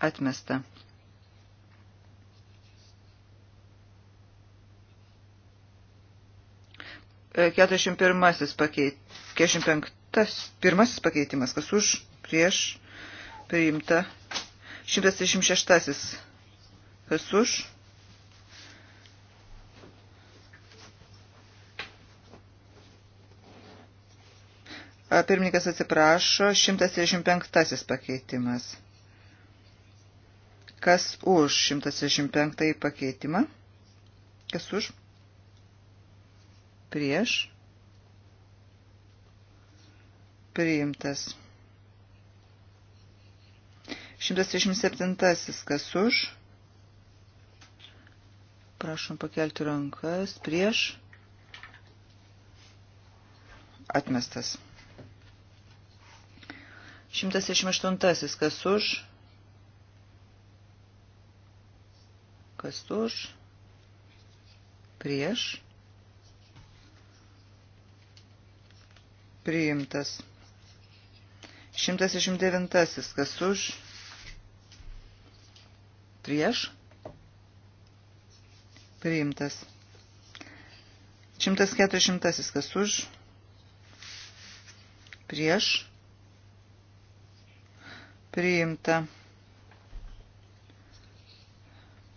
Atmesta. E, Keturiasdešimt pirmasis pakeitimas, kas už, prieš, priimta. Šimtas trisdešimt šeštasis, kas už, Pirmininkas atsiprašo, 135 pakeitimas. Kas už 165 pakeitimą? Kas už? Prieš. Priimtas. 137. Kas už? Prašom pakelti rankas. Prieš. Atmestas. 168. Kas už? Kas už? Prieš. Priimtas. 129. Kas už? Prieš. Priimtas. 140. Kas už? Prieš. Priimta.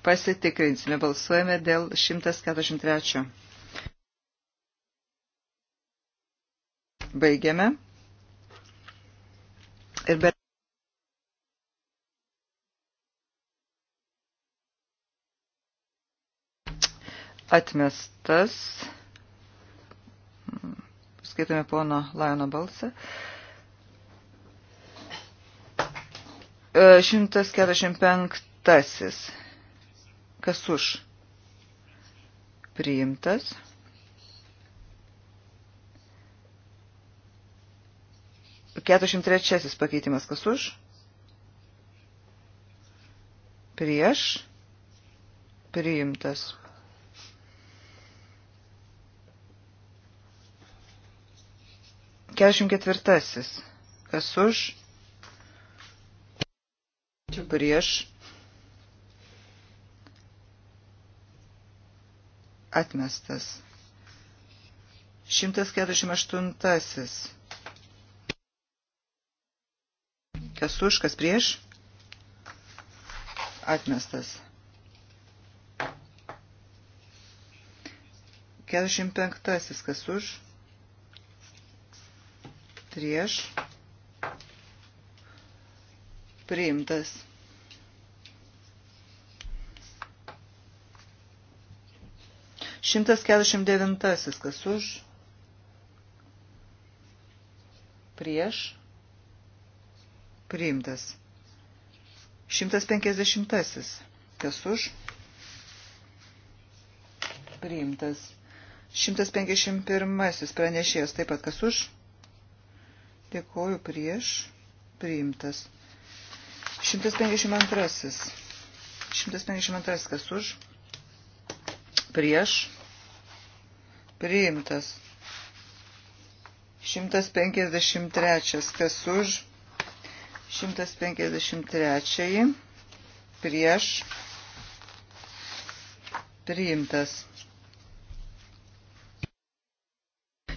Pasitikrinsime, balsuojame dėl 143. Baigiame. Ir be... Atmestas. Skaitome pono Lajono balsą. 145. E, Kas už? Priimtas. Keturiasdešimt trečiasis pakeitimas. Kas už? Prieš. Priimtas. Keturiasdešimt ketvirtasis. Kas už? Prieš atmestas. 148. Kas už, kas prieš? Atmestas. 45. Kas už? Prieš. Priimtas. 149. Kas už? Prieš. Priimtas. 150. Kas už? Priimtas. 151. Pranešėjas taip pat kas už? Dėkoju prieš. Priimtas. 152. 152 kas už? Prieš priimtas. 153. Kas už? 153. Prieš. Priimtas.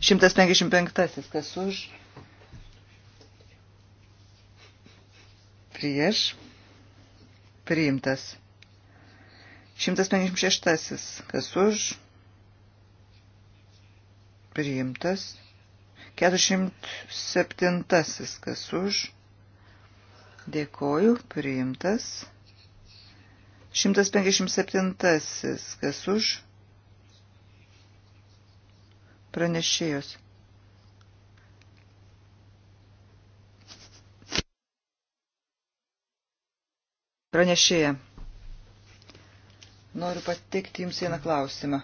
155. Kas už? Prieš. Priimtas. 156. Kas už? priimtas. 47 kas už. Dėkoju, priimtas. 157 kas už. Pranešėjos. Pranešėja. Noriu pateikti Jums vieną klausimą.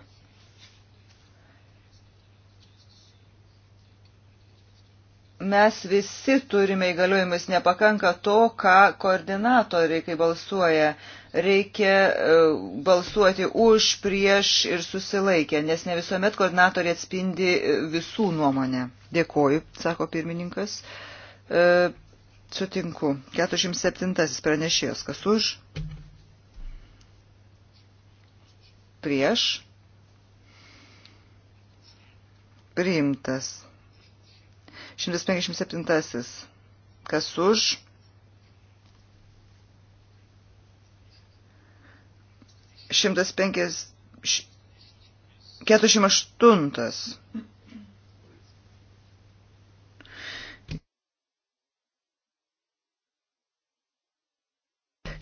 mes visi turime įgaliojimus, nepakanka to, ką koordinatoriai, kai balsuoja, reikia e, balsuoti už, prieš ir susilaikę, nes ne visuomet koordinatoriai atspindi e, visų nuomonę. Dėkoju, sako pirmininkas. E, sutinku. 47 pranešėjas, kas už? Prieš. Priimtas. 157. Kas už? Šimtas penkis... Keturiasdešimt aštuntas.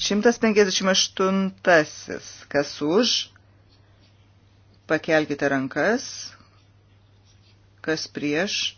Šimtas penkiasdešimt aštuntasis. Kas už? Pakelkite rankas. Kas prieš?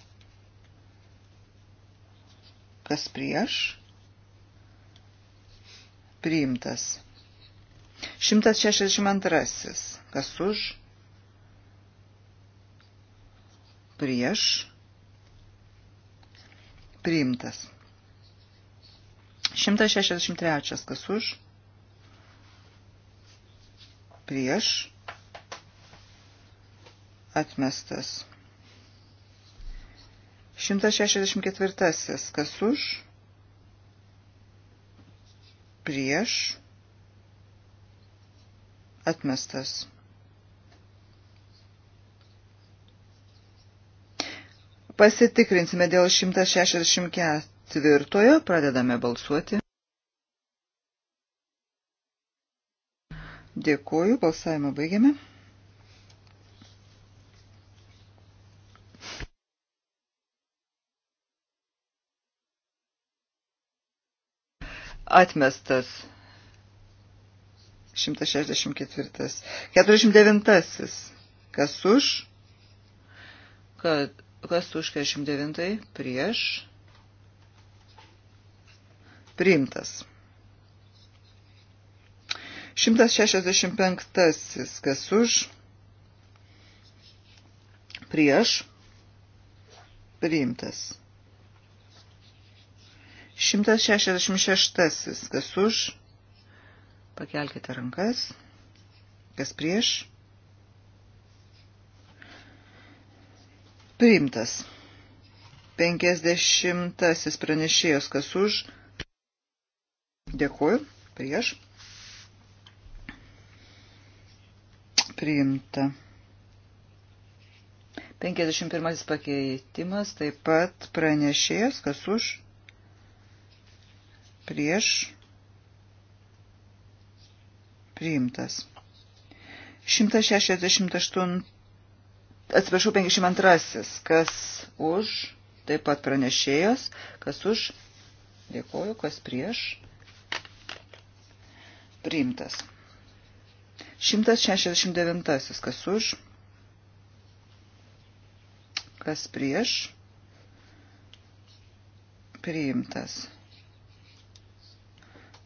kas prieš, priimtas. 162. Kas už, prieš, priimtas. 163. Kas už, prieš, atmestas. 164. Kas už? Prieš. Atmestas. Pasitikrinsime dėl 164. Pradedame balsuoti. Dėkuoju, balsavimą baigiame. atmestas. 164. 49. Kas už? Kad, kas už 49? Prieš. Priimtas. 165. Kas už? Prieš. Priimtas. 166. Kas už? Pakelkite rankas. Kas prieš? Priimtas. 50 pranešėjos kas už. Dėkuoju. Prieš. Priimta. 51 pakeitimas taip pat pranešėjas kas už prieš priimtas. 168, atsiprašau, 52, kas už, taip pat pranešėjas, kas už, dėkoju, kas prieš, priimtas. 169, kas už, kas prieš, priimtas.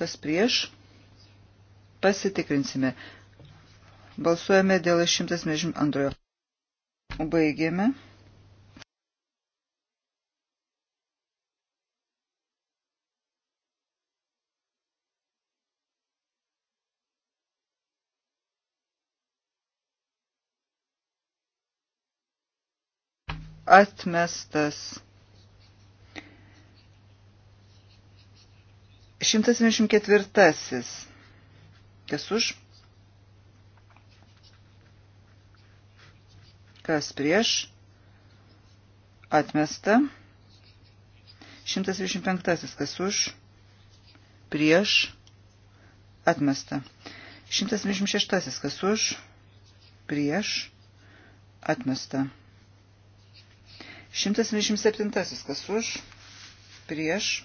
kas prieš, pasitikrinsime. Balsuojame dėl 192. Baigėme. Atmestas. 174. Kas už? Kas prieš? Atmesta. 125. Kas už? Prieš? Atmesta. 126. Kas už? Prieš? Atmesta. 127. Kas už? Prieš?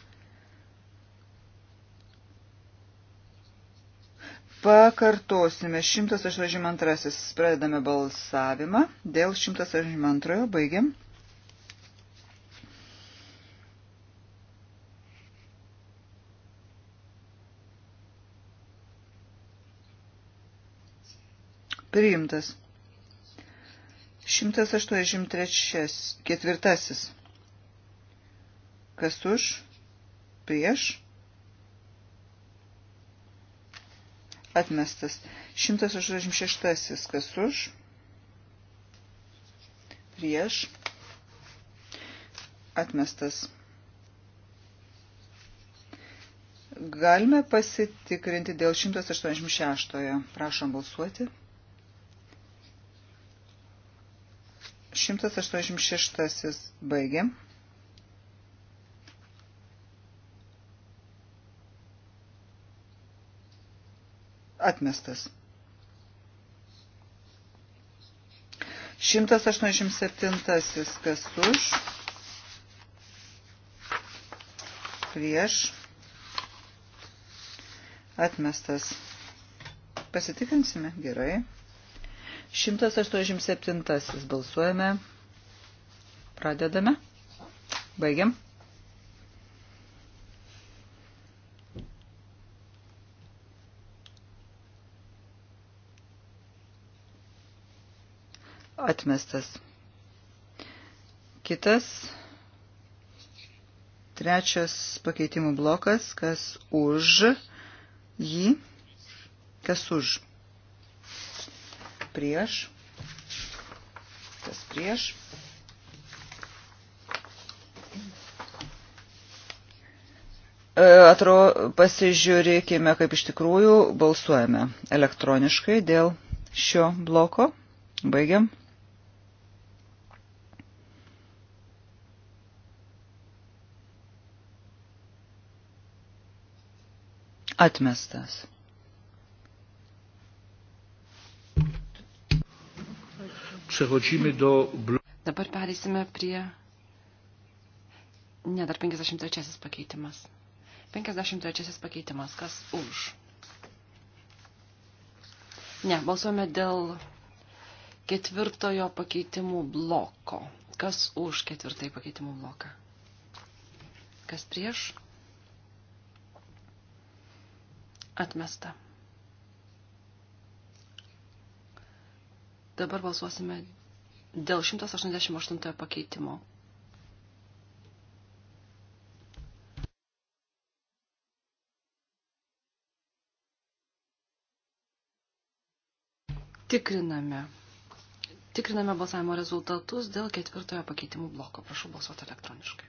Pakartosime 182. Pradedame balsavimą. Dėl 182 baigiam. Priimtas. 183. Ketvirtasis. Kas už? Prieš? atmestas. 186 kas už, prieš, atmestas. Galime pasitikrinti dėl 186. Prašom balsuoti. 186. Baigiam. atmestas. 187 kas už, prieš, atmestas. Pasitikrinsime, gerai. 187 balsuojame, pradedame, baigiam. atmestas. Kitas, trečias pakeitimų blokas, kas už jį, kas už, prieš, kas prieš. E, atro, pasižiūrėkime, kaip iš tikrųjų balsuojame elektroniškai dėl šio bloko. Baigiam. atmestas. Dabar pereisime prie. Ne, dar 53 pakeitimas. 53 pakeitimas. Kas už? Ne, balsuojame dėl ketvirtojo pakeitimų bloko. Kas už ketvirtąjį pakeitimų bloką? Kas prieš? Atmesta. Dabar balsuosime dėl 188 pakeitimo. Tikriname. Tikriname balsavimo rezultatus dėl ketvirtojo pakeitimų bloko. Prašau balsuoti elektroniškai.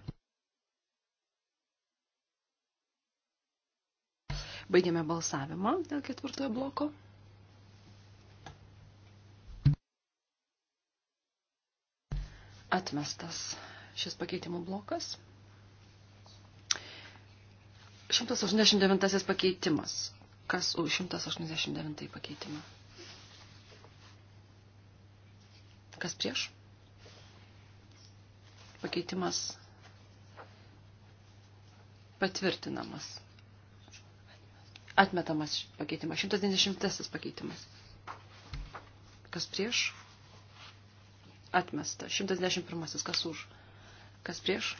Baigėme balsavimą dėl ketvirtojo bloko. Atmestas šis pakeitimų blokas. 189 pakeitimas. Kas už 189 pakeitimą? Kas prieš? Pakeitimas patvirtinamas. Atmetamas pakeitimas. 190 pakeitimas. Kas prieš? Atmesta. 111. Kas už? Kas prieš?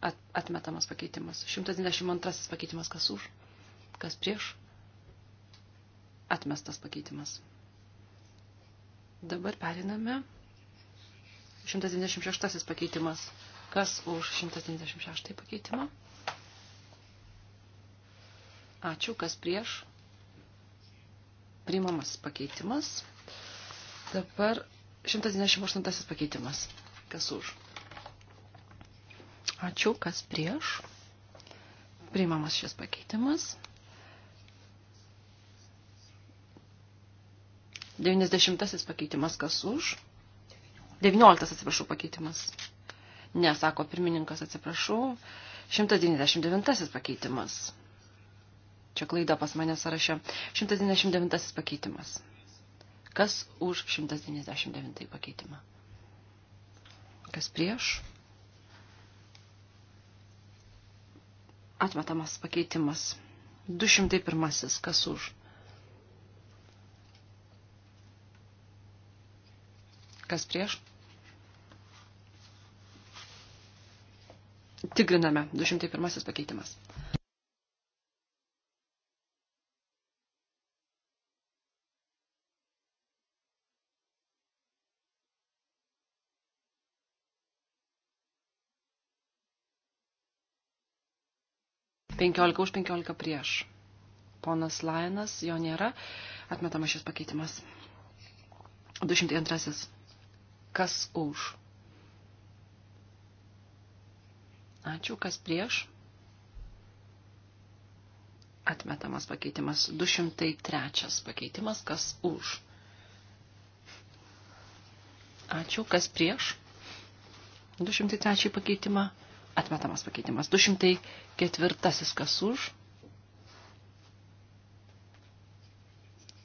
At, atmetamas pakeitimas. 122 pakeitimas. Kas už? Kas prieš? Atmestas pakeitimas. Dabar periname. 196 pakeitimas. Kas už 196 pakeitimą? Ačiū, kas prieš. Priimamas pakeitimas. Dabar 198 pakeitimas. Kas už? Ačiū, kas prieš. Priimamas šis pakeitimas. 90 pakeitimas kas už. 19 atsiprašau pakeitimas. Ne, sako pirmininkas, atsiprašau. 199 pakeitimas. Čia klaida pas mane sąraše. 199 pakeitimas. Kas už 199 pakeitimą? Kas prieš? Atmetamas pakeitimas. 201. Kas už? Kas prieš? Tikriname. 201 pakeitimas. 15 už 15 prieš. Ponas Lainas, jo nėra. Atmetama šis pakeitimas. 202. Kas už? Ačiū, kas prieš? atmetamas pakeitimas. 203 pakeitimas, kas už. Ačiū, kas prieš. 203 pakeitimą Atmetamas pakeitimas. 204 kas už.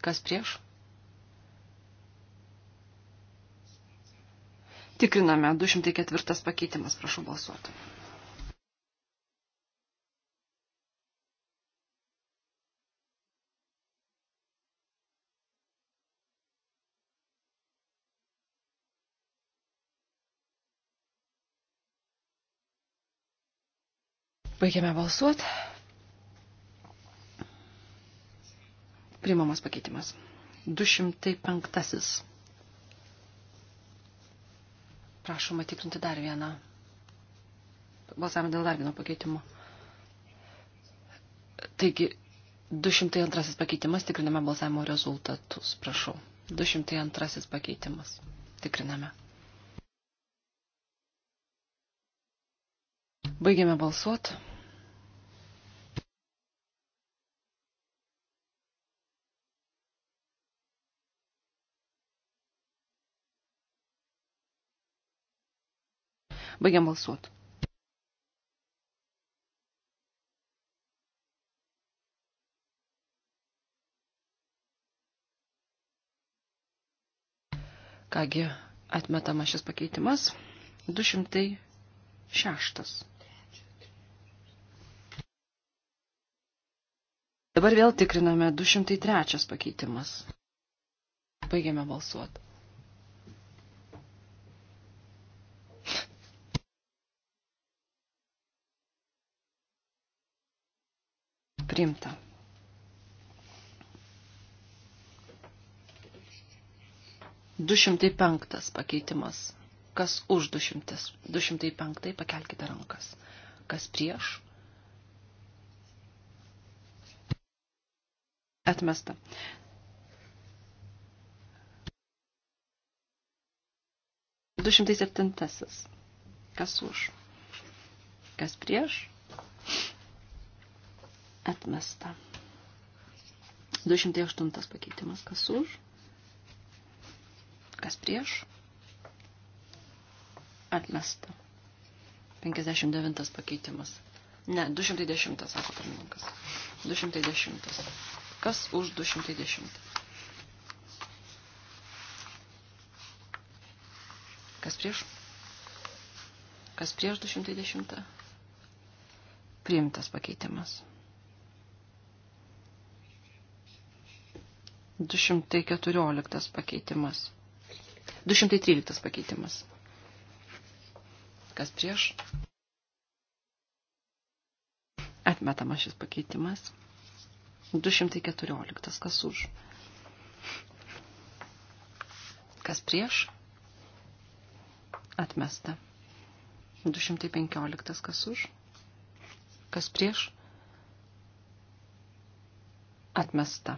Kas prieš? Tikriname 204 pakeitimas, prašau balsuoti. Baigiame balsuoti. Priimamas pakeitimas. 205. Prašoma tikrinti dar vieną. Balsavimą dėl dar vieno pakeitimo. Taigi, 202 pakeitimas, tikriname balsavimo rezultatus, prašau. 202 pakeitimas, tikriname. Baigiame balsuoti. Baigiam balsuoti. Kągi, atmetama šis pakeitimas. 206. Dabar vėl tikriname 203 pakeitimas. Baigiame balsuoti. Priimta. Du šimtai penktas pakeitimas. Kas už du šimtas? Du šimtai penktai pakelkite rankas. Kas prieš? Atmesta. Du šimtai septintasis. Kas už? Kas prieš? Atmesta. 208 pakeitimas. Kas už? Kas prieš? Atmesta. 59 pakeitimas. Ne, 210, sako pirmininkas. 210. Kas už 210? Kas prieš? Kas prieš 210? Priimtas pakeitimas. 214 pakeitimas. 213 pakeitimas. Kas prieš? Atmetamas šis pakeitimas. 214. Kas už? Kas prieš? Atmesta. 215. Kas už? Kas prieš? Atmesta.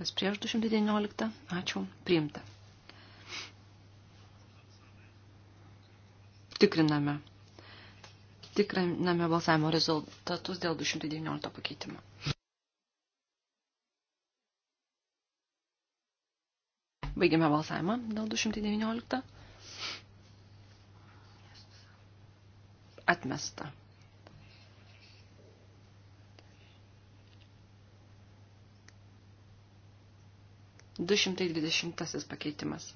Kas prieš 219? Ačiū. Priimta. Tikriname. Tikriname balsavimo rezultatus dėl 219 pakeitimo. Baigiame balsavimą dėl 219. Atmesta. 220 pakeitimas.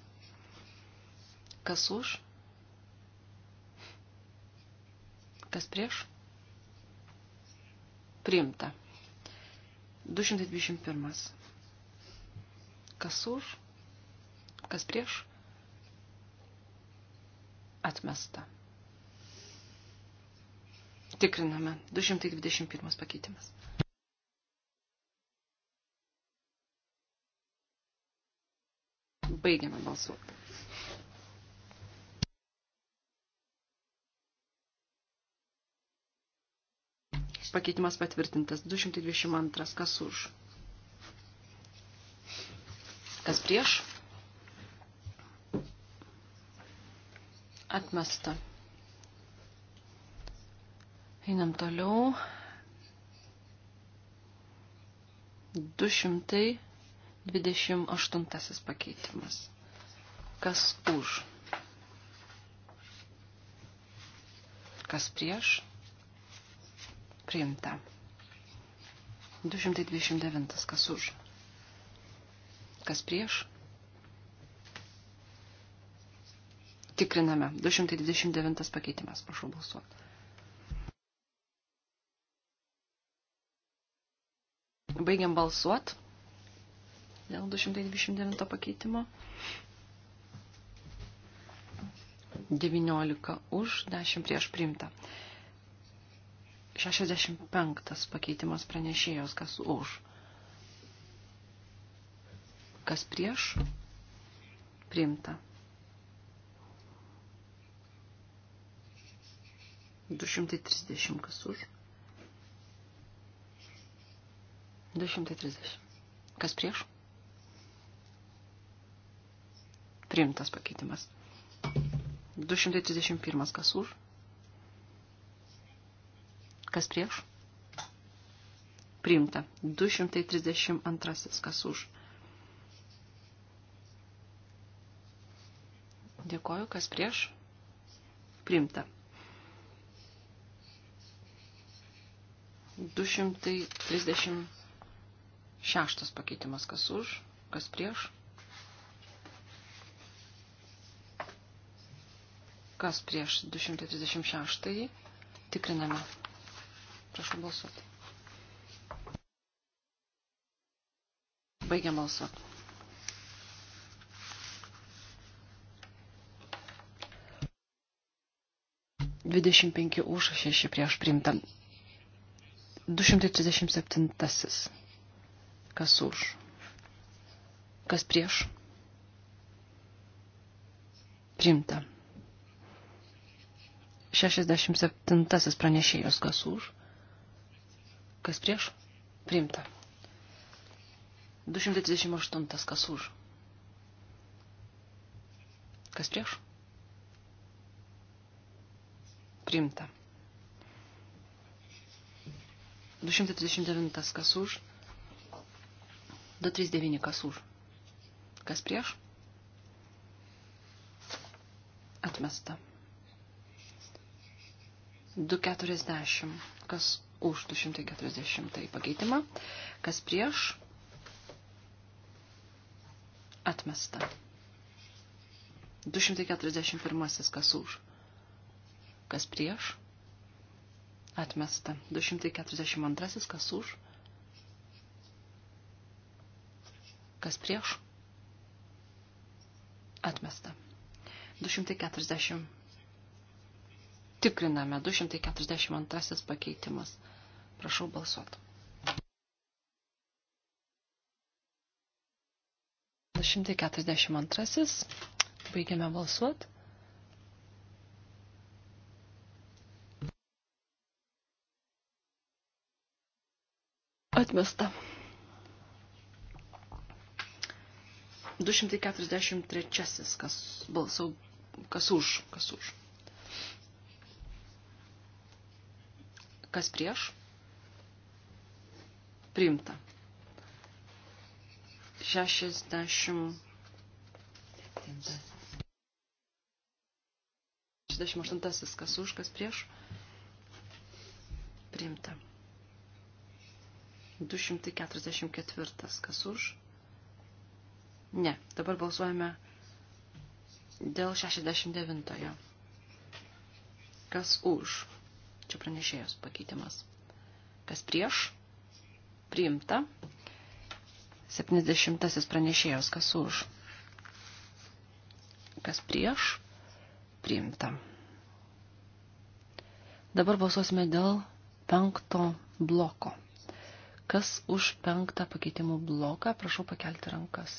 Kas už? Kas prieš? Priimta. 221. Kas už? Kas prieš? Atmesta. Tikriname. 221 pakeitimas. Baigiame balsuoti. Pakeitimas patvirtintas. 222. Kas už? Kas prieš? Atmesta. Einam toliau. 200. 28 pakeitimas. Kas už? Kas prieš? Priimta. 229. Kas už? Kas prieš? Tikriname. 229 pakeitimas. Prašau balsuoti. Baigiam balsuoti dėl 229 pakeitimo. 19 už, 10 prieš primta. 65 pakeitimas pranešėjos, kas už. Kas prieš? Primta. 230 kas už. 230. Kas prieš? Priimtas pakeitimas. 231 kas už. Kas prieš? Priimta. 232 kas už. Dėkoju, kas prieš? Priimta. 236 pakeitimas kas už, kas prieš? kas prieš 236 tikriname. Prašau balsuoti. Baigiam balsuoti. Dvidešimt penki už, šeši prieš primtą. 237. Kas už? Kas prieš? Primta. 67 pranešėjos kas už, kas prieš, priimta. 228 kas už, kas prieš, priimta. 239 kas už, 239 kas už, kas prieš, atmesta. 240. Kas už 240 tai pakeitimą, kas prieš atmesta. 241 kas už, kas prieš atmesta. 242 kas už, kas prieš atmesta. 243 tikriname 242 pakeitimas. Prašau balsuoti. 242. Baigiame balsuoti. Atmesta. 243. Kas balsau, kas už, kas už. Kas prieš? Primta. 60. 68. Kas už, kas prieš? Primta. 244. Kas už? Ne. Dabar balsuojame dėl 69. Kas už? Čia pranešėjos pakeitimas. Kas prieš? Priimta. 70 pranešėjos. Kas už? Kas prieš? Priimta. Dabar balsuosime dėl penkto bloko. Kas už penktą pakeitimų bloką, prašau pakelti rankas.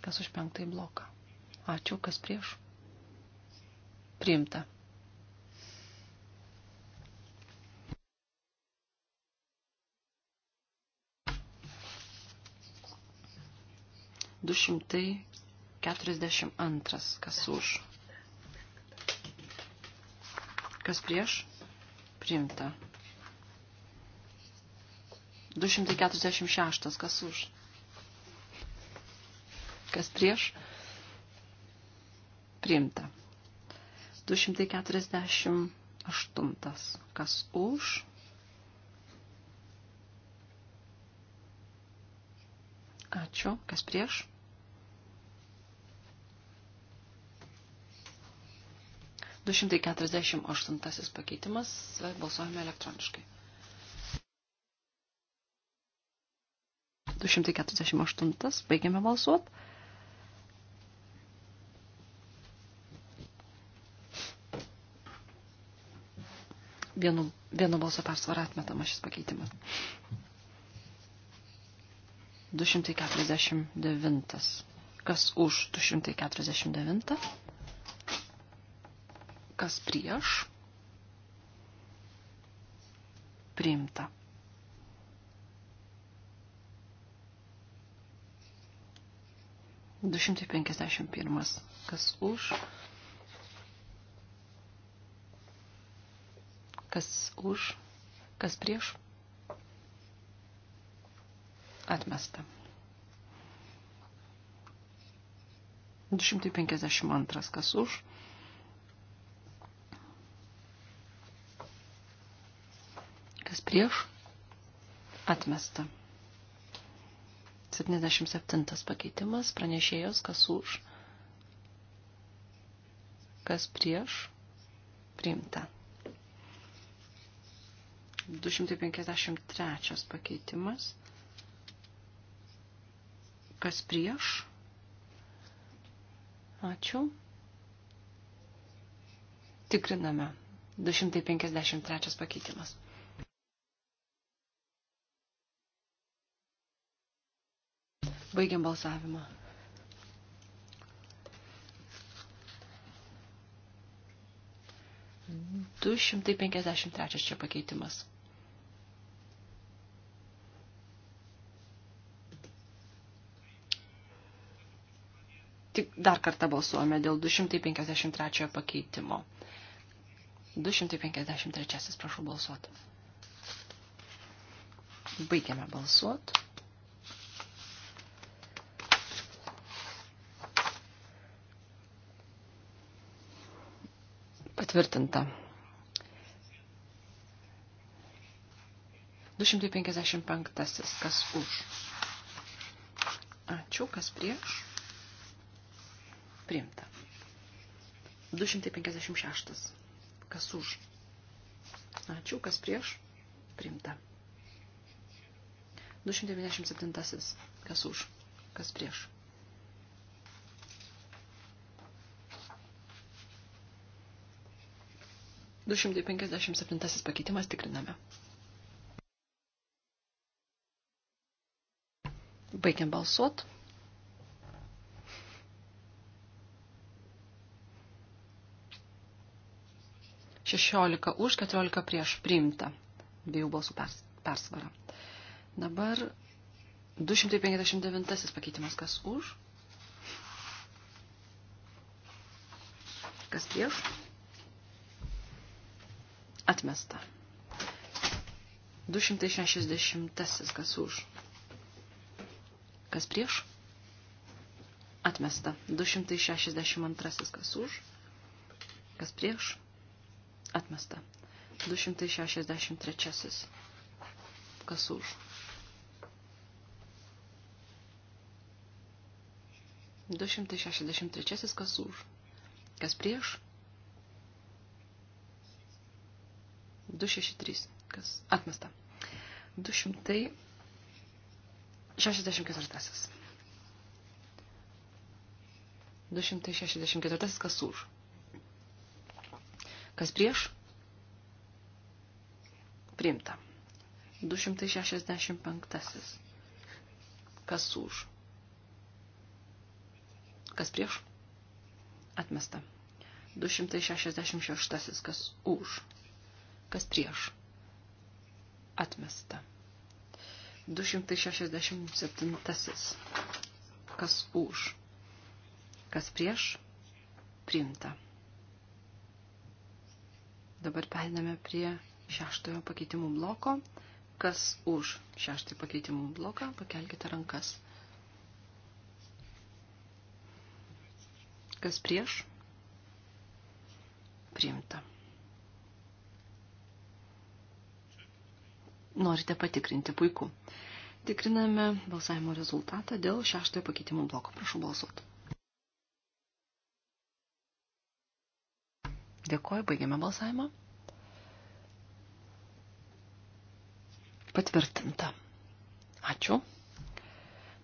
Kas už penktąjį bloką? Ačiū, kas prieš? Priimta. 242. Kas už? Kas prieš? Priimta. 246. Kas už? Kas prieš? Priimta. 248. Kas už? Ačiū. Kas prieš? Du šimtai keturiasdešimt aštuntasis pakeitimas. Balsuojame elektroniškai. 248. Baigiame balsuot. Vienu, vienu balso persvarą atmetama šis pakeitimas. 249. Kas už 249? Kas prieš? Priimta. Du šimtai penkiasdešimt pirmas. Kas už? Kas už? Kas prieš? Atmesta. 252 kas už. Kas prieš? Atmesta. 77 pakeitimas pranešėjos kas už. Kas prieš? Priimta. 253 pakeitimas. Kas prieš? Ačiū. Tikriname. 253 pakeitimas. Baigiam balsavimą. Du šimtai penkiasdešimt trečias čia pakeitimas. Tik dar kartą balsuojame dėl 253 pakeitimo. 253, prašau balsuoti. Baigiame balsuoti. Patvirtinta. 255. Kas už? Ačiū, kas prieš? Priimta. 256. Kas už? Ačiū, kas prieš? Priimta. 297. Kas už? Kas prieš? Du šimtai penkiasdešimt septintasis pakeitimas tikriname. Baigiam balsuot. 16 už, 14 prieš priimta. Dviejų balsų pers, persvara. Dabar 259 pakeitimas kas už. Kas prieš? Atmesta. 260 kas už. Kas prieš? Atmesta. 262 kas už. Kas prieš? Atmesta. 263. Kas už? Du šimtai šešiasdešimt trečiasis kas už. Kas prieš? Du šeši trys. Kas atmesta. Du šimtai šešiasdešimt ketvirtasis. Du šimtai šešiasdešimt ketvirtasis kas už. Kas prieš? Priimta. 265. Kas už? Kas prieš? Atmesta. 266. Kas už? Kas prieš? Atmesta. 267. Kas už? Kas prieš? Priimta. Dabar periname prie šeštojo pakeitimų bloko. Kas už šeštąjį pakeitimų bloką, pakelkite rankas. Kas prieš? Priimta. Norite patikrinti puiku. Tikriname balsavimo rezultatą dėl šeštojo pakeitimų bloko. Prašau balsuoti. Dėkoju, baigėme balsavimą. Patvirtinta. Ačiū.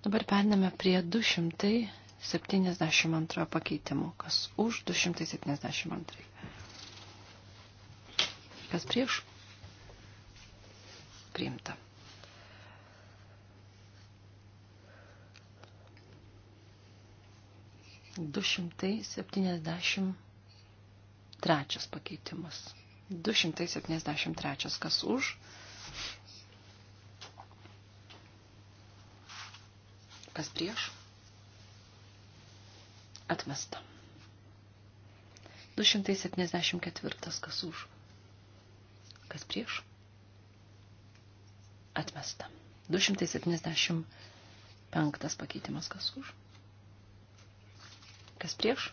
Dabar periname prie 272 pakeitimų. Kas už 272? Kas prieš? Priimta. Du šimtai septyniasdešimt Trečias pakeitimas. 273. Kas už? Kas prieš? Atmesta. 274. Kas už? Kas prieš? Atmesta. 275 pakeitimas. Kas už? Kas prieš?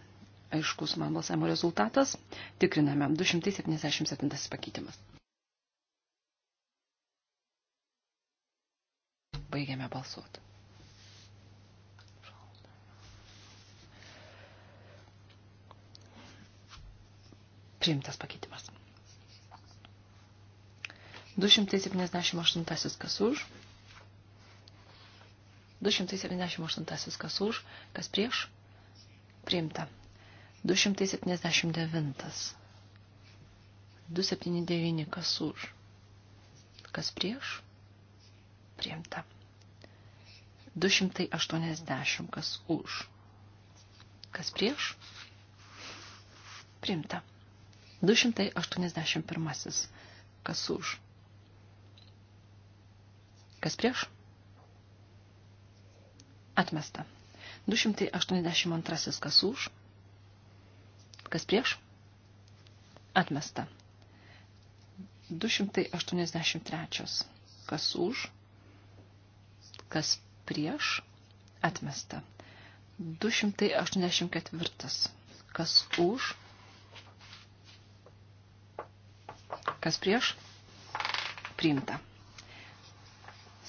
aiškus man balsavimo rezultatas. Tikriname 277 pakeitimas. Baigiame balsuoti. Priimtas pakeitimas. 278 kas už. 278 kas už, kas prieš. Priimta. 279. 279 kas už. Kas prieš? Priimta. 280 kas už. Kas prieš? Priimta. 281 kas už. Kas prieš? Atmesta. 282 kas už Kas prieš? Atmesta. 283. Kas už? Kas prieš? Atmesta. 284. Kas už? Kas prieš? Priimta.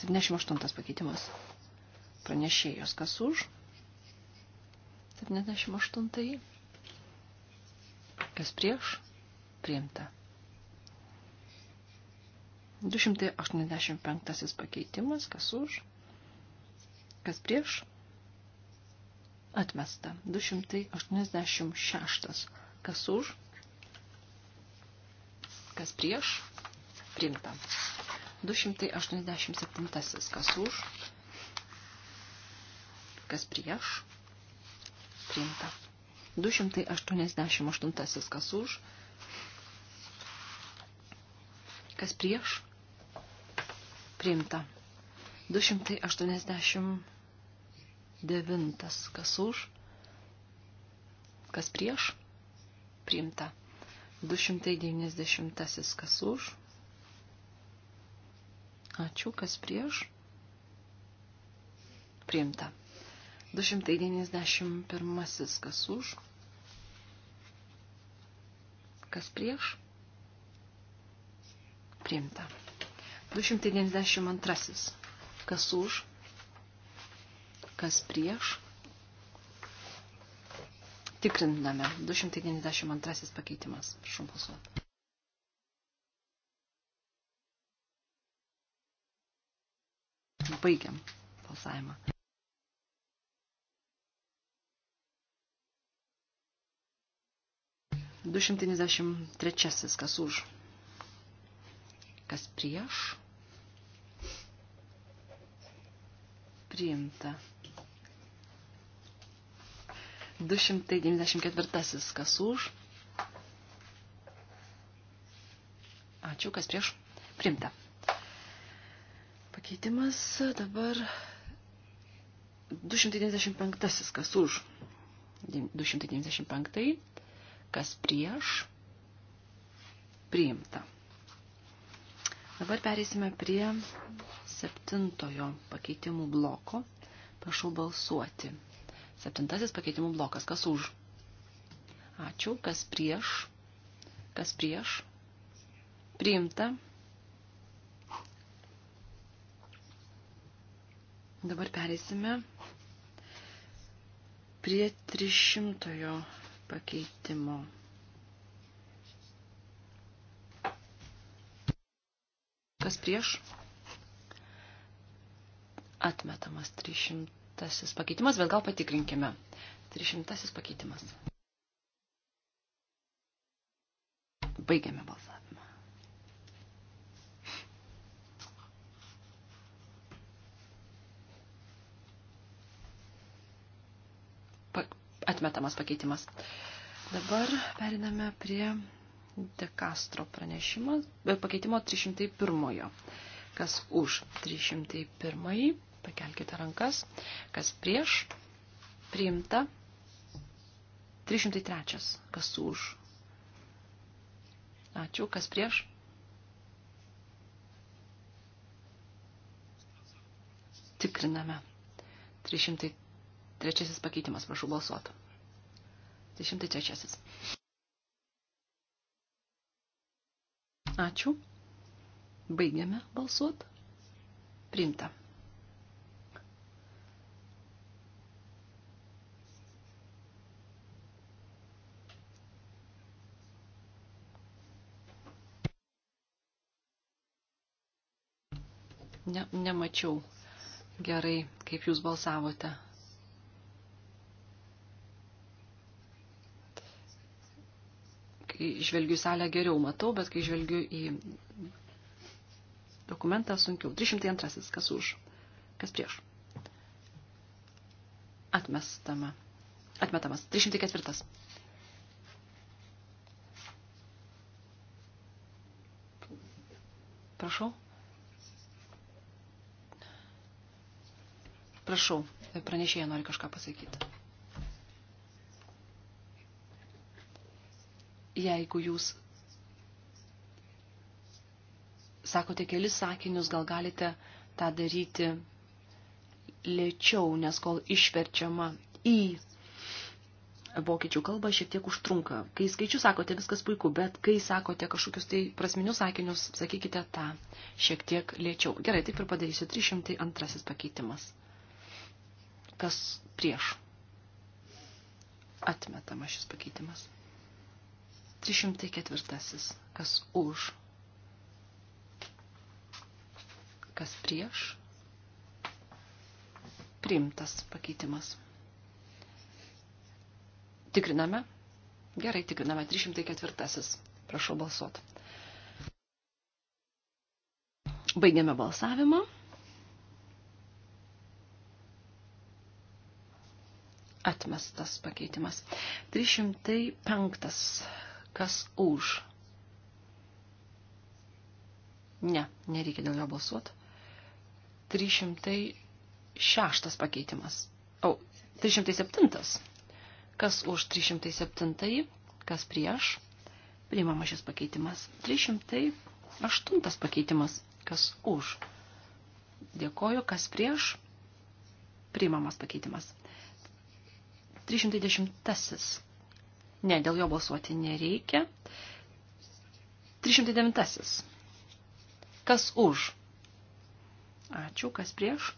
78 pakeitimas. Pranešėjos kas už? 78. Kas prieš? Priimta. 285 pakeitimas. Kas už? Kas prieš? Atmesta. 286. Kas už? Kas prieš? Priimta. 287. Kas už? Kas prieš? Priimta. 288 kas už, kas prieš, priimta. 289 kas už, kas prieš, priimta. 290 kas už, ačiū, kas prieš, priimta. 291 kas už, kas prieš, priimta. 292 kas už, kas prieš, tikriname. 292 pakeitimas, prašom balsuoti. Baigiam balsavimą. 293. Kas už? Kas prieš? Priimta. 294. Kas už? Ačiū, kas prieš? Primta. Pakeitimas dabar 295. Kas už? 295 kas prieš, priimta. Dabar pereisime prie septintojo pakeitimų bloko. Prašau balsuoti. Septintasis pakeitimų blokas. Kas už? Ačiū. Kas prieš? Kas prieš? Priimta. Dabar pereisime prie 300 pakeitimo. Kas prieš? Atmetamas 300 pakeitimas, bet gal patikrinkime. 300 pakeitimas. Baigiame balsavimą. atmetamas pakeitimas. Dabar periname prie De Castro pranešimo, e, pakeitimo 301. Kas už 301, pakelkite rankas, kas prieš, priimta. 303, kas už. Ačiū, kas prieš. Tikriname. 303 pakeitimas, prašau balsuoti. 203. Ačiū. Baigiame balsuot. Priimta. Ne, nemačiau gerai, kaip jūs balsavote. Kai žvelgiu į salę geriau matau, bet kai žvelgiu į dokumentą sunkiau. 302. Kas už? Kas prieš? Atmestama. Atmetamas. 304. Prašau. Prašau, pranešėja nori kažką pasakyti. jeigu jūs sakote kelis sakinius, gal galite tą daryti lėčiau, nes kol išverčiama į vokiečių kalbą šiek tiek užtrunka. Kai skaičių sakote, viskas puiku, bet kai sakote kažkokius tai prasminius sakinius, sakykite tą šiek tiek lėčiau. Gerai, taip ir padarysiu. 302 pakeitimas. Kas prieš? Atmetama šis pakeitimas. 304. Kas už? Kas prieš? Priimtas pakeitimas. Tikriname. Gerai, tikriname 304. Prašau balsuot. Baigiame balsavimą. Atmestas pakeitimas. 305 Kas už? Ne, nereikia dėl jo balsuoti. 306 pakeitimas. O, 307. Kas už 307, kas prieš? Priimama šis pakeitimas. 308 pakeitimas. Kas už? Dėkoju, kas prieš? Priimamas pakeitimas. 310. Ne, dėl jo balsuoti nereikia. 309. Kas už? Ačiū, kas prieš?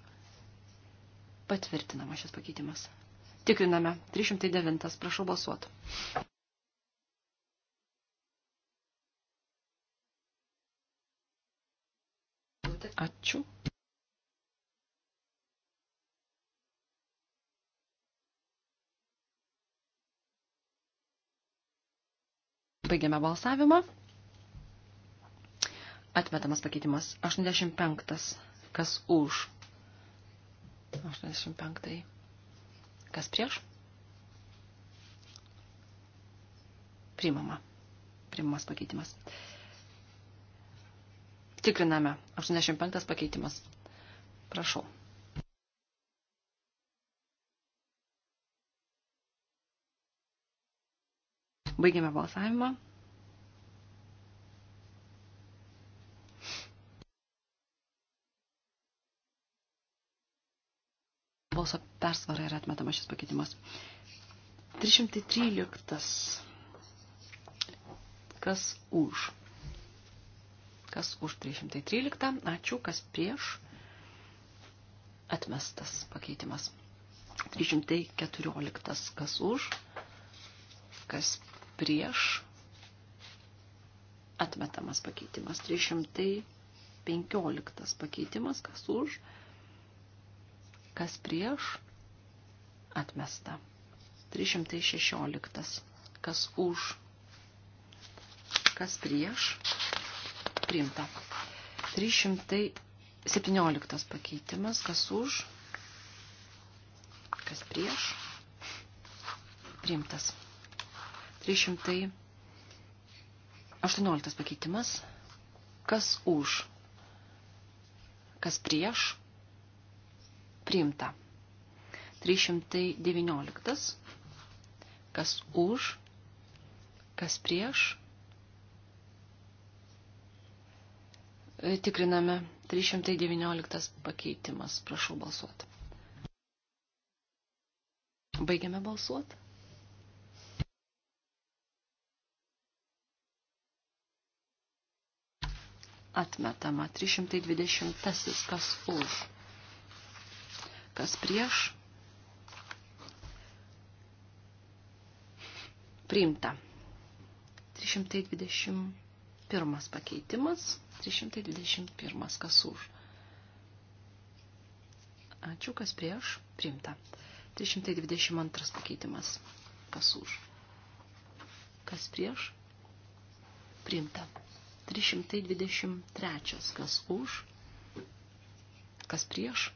Patvirtinama šis pakeitimas. Tikriname. 309. Prašau balsuoti. Baigiame balsavimą. Atmetamas pakeitimas 85. Kas už? 85. Kas prieš? Priimama. Priimamas pakeitimas. Tikriname. 85 pakeitimas. Prašau. Baigėme balsavimą. Balso persvara yra atmetama šis pakeitimas. 313. Kas už? Kas už 313? Ačiū. Kas prieš? Atmestas pakeitimas. 314. Kas už? Kas prieš atmetamas pakeitimas. 315 pakeitimas, kas už, kas prieš atmesta. 316 kas už, kas prieš priimta. 317 pakeitimas, kas už, kas prieš priimtas. 318 pakeitimas. Kas už? Kas prieš? Priimta. 319. Kas už? Kas prieš? Tikriname 319 pakeitimas. Prašau balsuoti. Baigiame balsuoti. atmetama. 320 kas už, kas prieš. Priimta. 321 pakeitimas. 321 kas už. Ačiū, kas prieš. Priimta. 322 pakeitimas. Kas už. Kas prieš. Priimta. 323. Kas už? Kas prieš?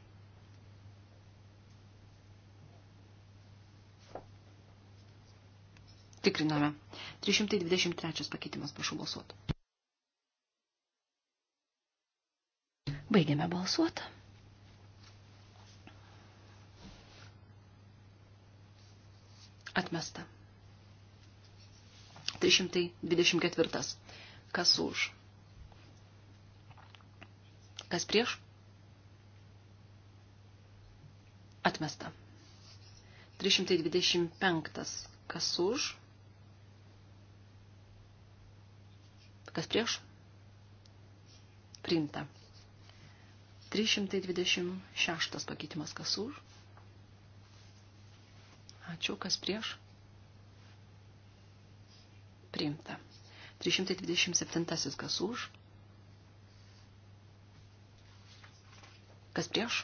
Tikriname. 323 pakeitimas, prašau balsuoti. Baigiame balsuoti. Atmesta. 324. Kas už? Kas prieš? Atmesta. 325. Kas už? Kas prieš? Priimta. 326 pakeitimas. Kas už? Ačiū. Kas prieš? Priimta. 327 kas už, kas prieš,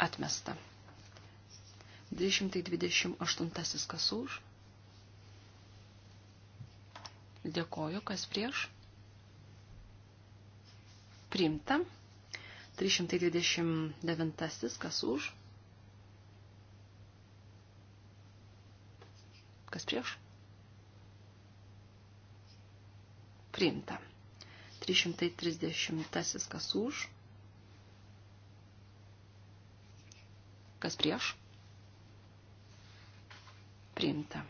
atmesta. 228 kas už, dėkoju, kas prieš, priimta. 329 kas už, kas prieš, priimta. 330 kas už, kas prieš, priimta.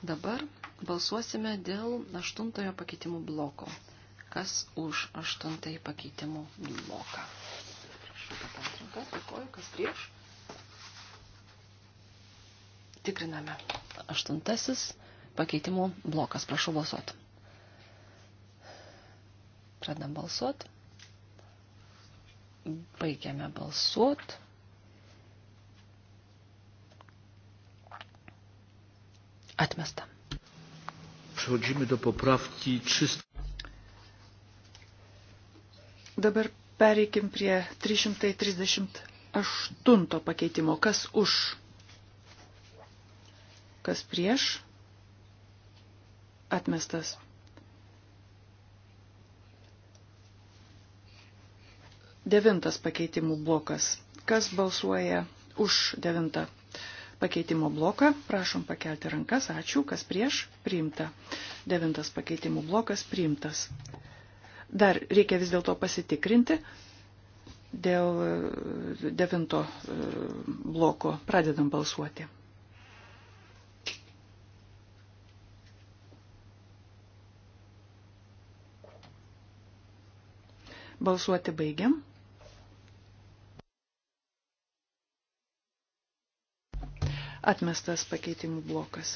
Dabar balsuosime dėl aštuntojo pakeitimų bloko. Kas už aštuntąjį pakeitimų bloką? Prašau, patrankas, dėkoju, kas prieš. Tikriname. Aštuntasis pakeitimų blokas. Prašau balsuot. Pradam balsuot. Baigiame balsuot. Atmesta. Przechodzimy do poprawki 300. Dabar pereikim prie 338 pakeitimo. Kas už? Kas prieš? atmestas. Devintas pakeitimų blokas. Kas balsuoja už devintą pakeitimo bloką? Prašom pakelti rankas. Ačiū. Kas prieš? Priimta. Devintas pakeitimų blokas priimtas. Dar reikia vis dėlto pasitikrinti dėl devinto e, bloko. Pradedam balsuoti. Balsuoti baigiam. Atmestas pakeitimų blokas.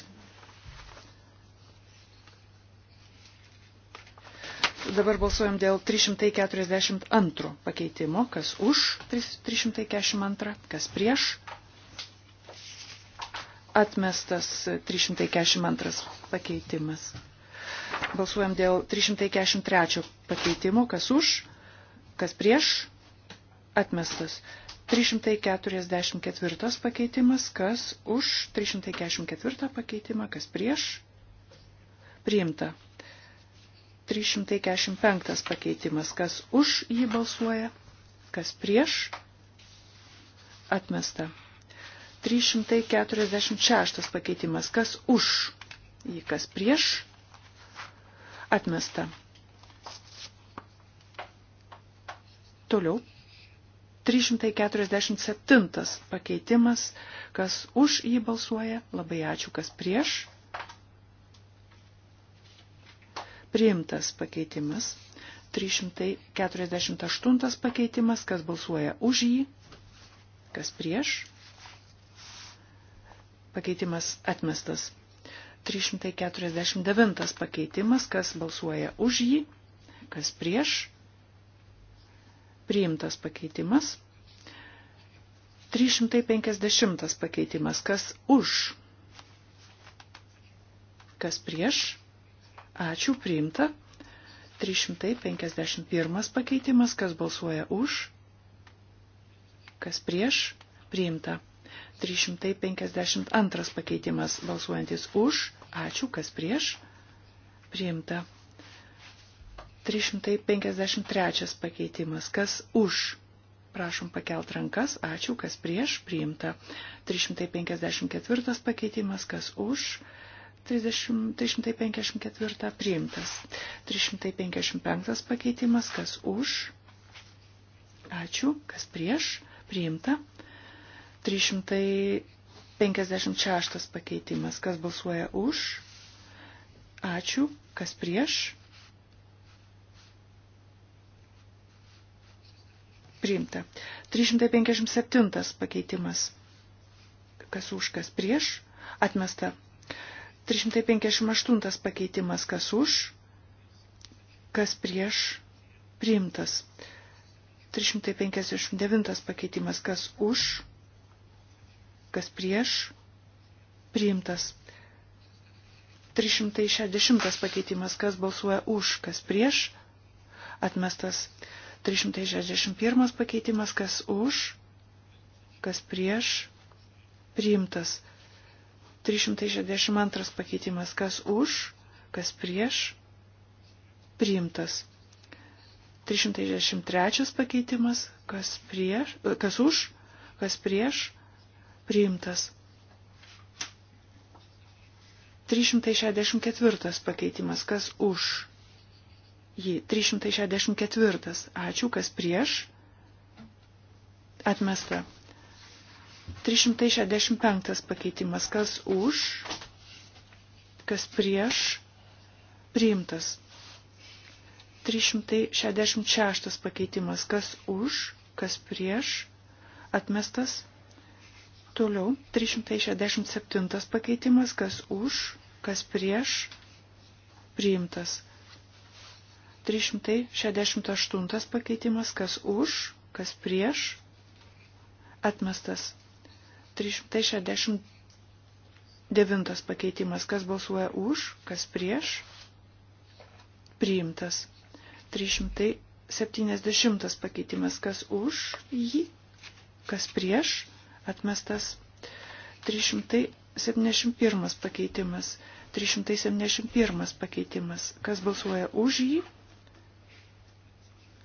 Dabar balsuojam dėl 342 pakeitimo. Kas už 342, kas prieš. Atmestas 342 pakeitimas. Balsuojam dėl 343 pakeitimo, kas už, Kas prieš? Atmestas. 344 pakeitimas, kas už 344 pakeitimą, kas prieš? Priimta. 345 pakeitimas, kas už jį balsuoja, kas prieš? Atmesta. 346 pakeitimas, kas už jį, kas prieš? Atmesta. Toliau. 347 pakeitimas, kas už jį balsuoja, labai ačiū, kas prieš. Priimtas pakeitimas. 348 pakeitimas, kas balsuoja už jį, kas prieš. Pakeitimas atmestas. 349 pakeitimas, kas balsuoja už jį, kas prieš priimtas pakeitimas. 350 pakeitimas. Kas už? Kas prieš? Ačiū, priimta. 351 pakeitimas. Kas balsuoja už? Kas prieš? Priimta. 352 pakeitimas. Balsuojantis už. Ačiū, kas prieš? Priimta. 353 pakeitimas. Kas už? Prašom pakelt rankas. Ačiū. Kas prieš? Priimta. 354 pakeitimas. Kas už? 30, 354 priimtas. 355 pakeitimas. Kas už? Ačiū. Kas prieš? Priimta. 356 pakeitimas. Kas balsuoja už? Ačiū. Kas prieš? priimta. 357 pakeitimas. Kas už, kas prieš, atmesta. 358 pakeitimas. Kas už, kas prieš, priimtas. 359 pakeitimas. Kas už, kas prieš, priimtas. 360 pakeitimas. Kas balsuoja už, kas prieš, atmestas. 361 pakeitimas, kas už, kas prieš, priimtas. 362 pakeitimas, kas už, kas prieš, priimtas. 363 pakeitimas, kas, prieš, e, kas už, kas prieš, priimtas. 364 pakeitimas, kas už, jį 364. Ačiū, kas prieš. Atmesta. 365 pakeitimas. Kas už, kas prieš. Priimtas. 366 pakeitimas. Kas už, kas prieš. Atmestas. Toliau 367 pakeitimas. Kas už, kas prieš. Priimtas. 368 pakeitimas, kas už, kas prieš, atmestas. 369 pakeitimas, kas balsuoja už, kas prieš, priimtas. 370 pakeitimas, kas už jį, kas prieš, atmestas. 371 pakeitimas, 371 pakeitimas, kas balsuoja už jį,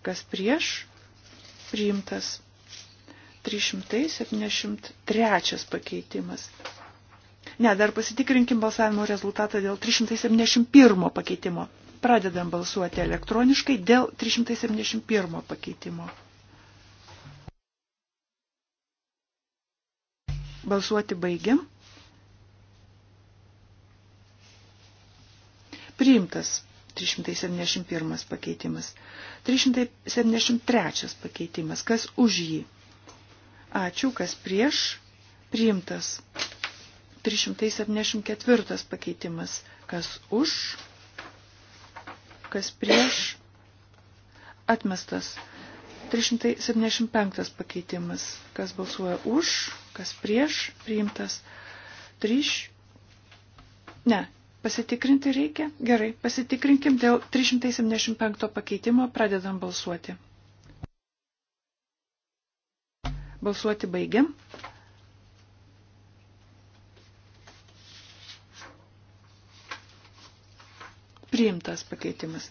kas prieš, priimtas. 373 pakeitimas. Ne, dar pasitikrinkim balsavimo rezultatą dėl 371 pakeitimo. Pradedam balsuoti elektroniškai dėl 371 pakeitimo. Balsuoti baigiam. Priimtas 371 pakeitimas. 373 pakeitimas. Kas už jį? Ačiū, kas prieš? Priimtas. 374 pakeitimas. Kas už? Kas prieš? Atmestas. 375 pakeitimas. Kas balsuoja už? Kas prieš? Priimtas. 3. Ne, Pasitikrinti reikia? Gerai, pasitikrinkim dėl 375 pakeitimo, pradedam balsuoti. Balsuoti baigiam. Priimtas pakeitimas.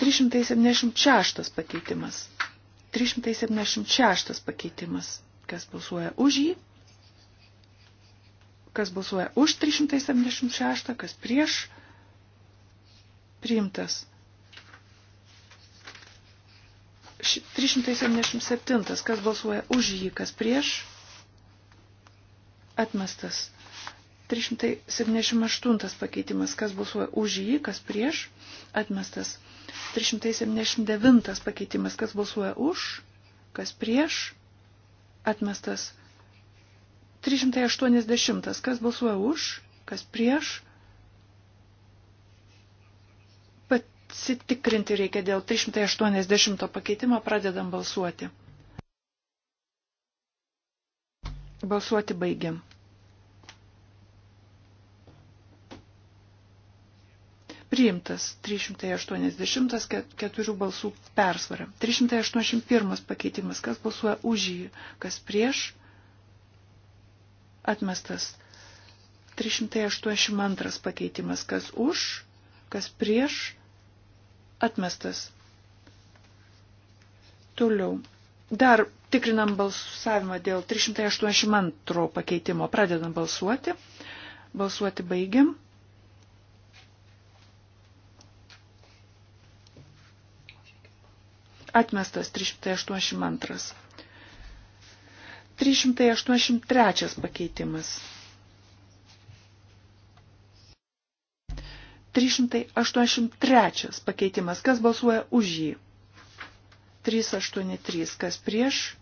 376 pakeitimas. 376 pakeitimas. Kas balsuoja už jį? kas balsuoja už 376, kas prieš priimtas. 377, kas balsuoja už jį, kas prieš atmestas. 378 pakeitimas, kas balsuoja už jį, kas prieš, atmestas. 379 pakeitimas, kas balsuoja už, kas prieš, atmestas. 380. Kas balsuoja už, kas prieš? Pasitikrinti reikia dėl 380 pakeitimo, pradedam balsuoti. Balsuoti baigiam. Priimtas 380 keturių balsų persvara. 381 pakeitimas, kas balsuoja už jį, kas prieš Atmestas. 382 pakeitimas. Kas už, kas prieš. Atmestas. Toliau. Dar tikrinam balsavimą dėl 382 pakeitimo. Pradedam balsuoti. Balsuoti baigiam. Atmestas 382. 383 pakeitimas. 383 pakeitimas. Kas balsuoja už jį? 383. Kas prieš?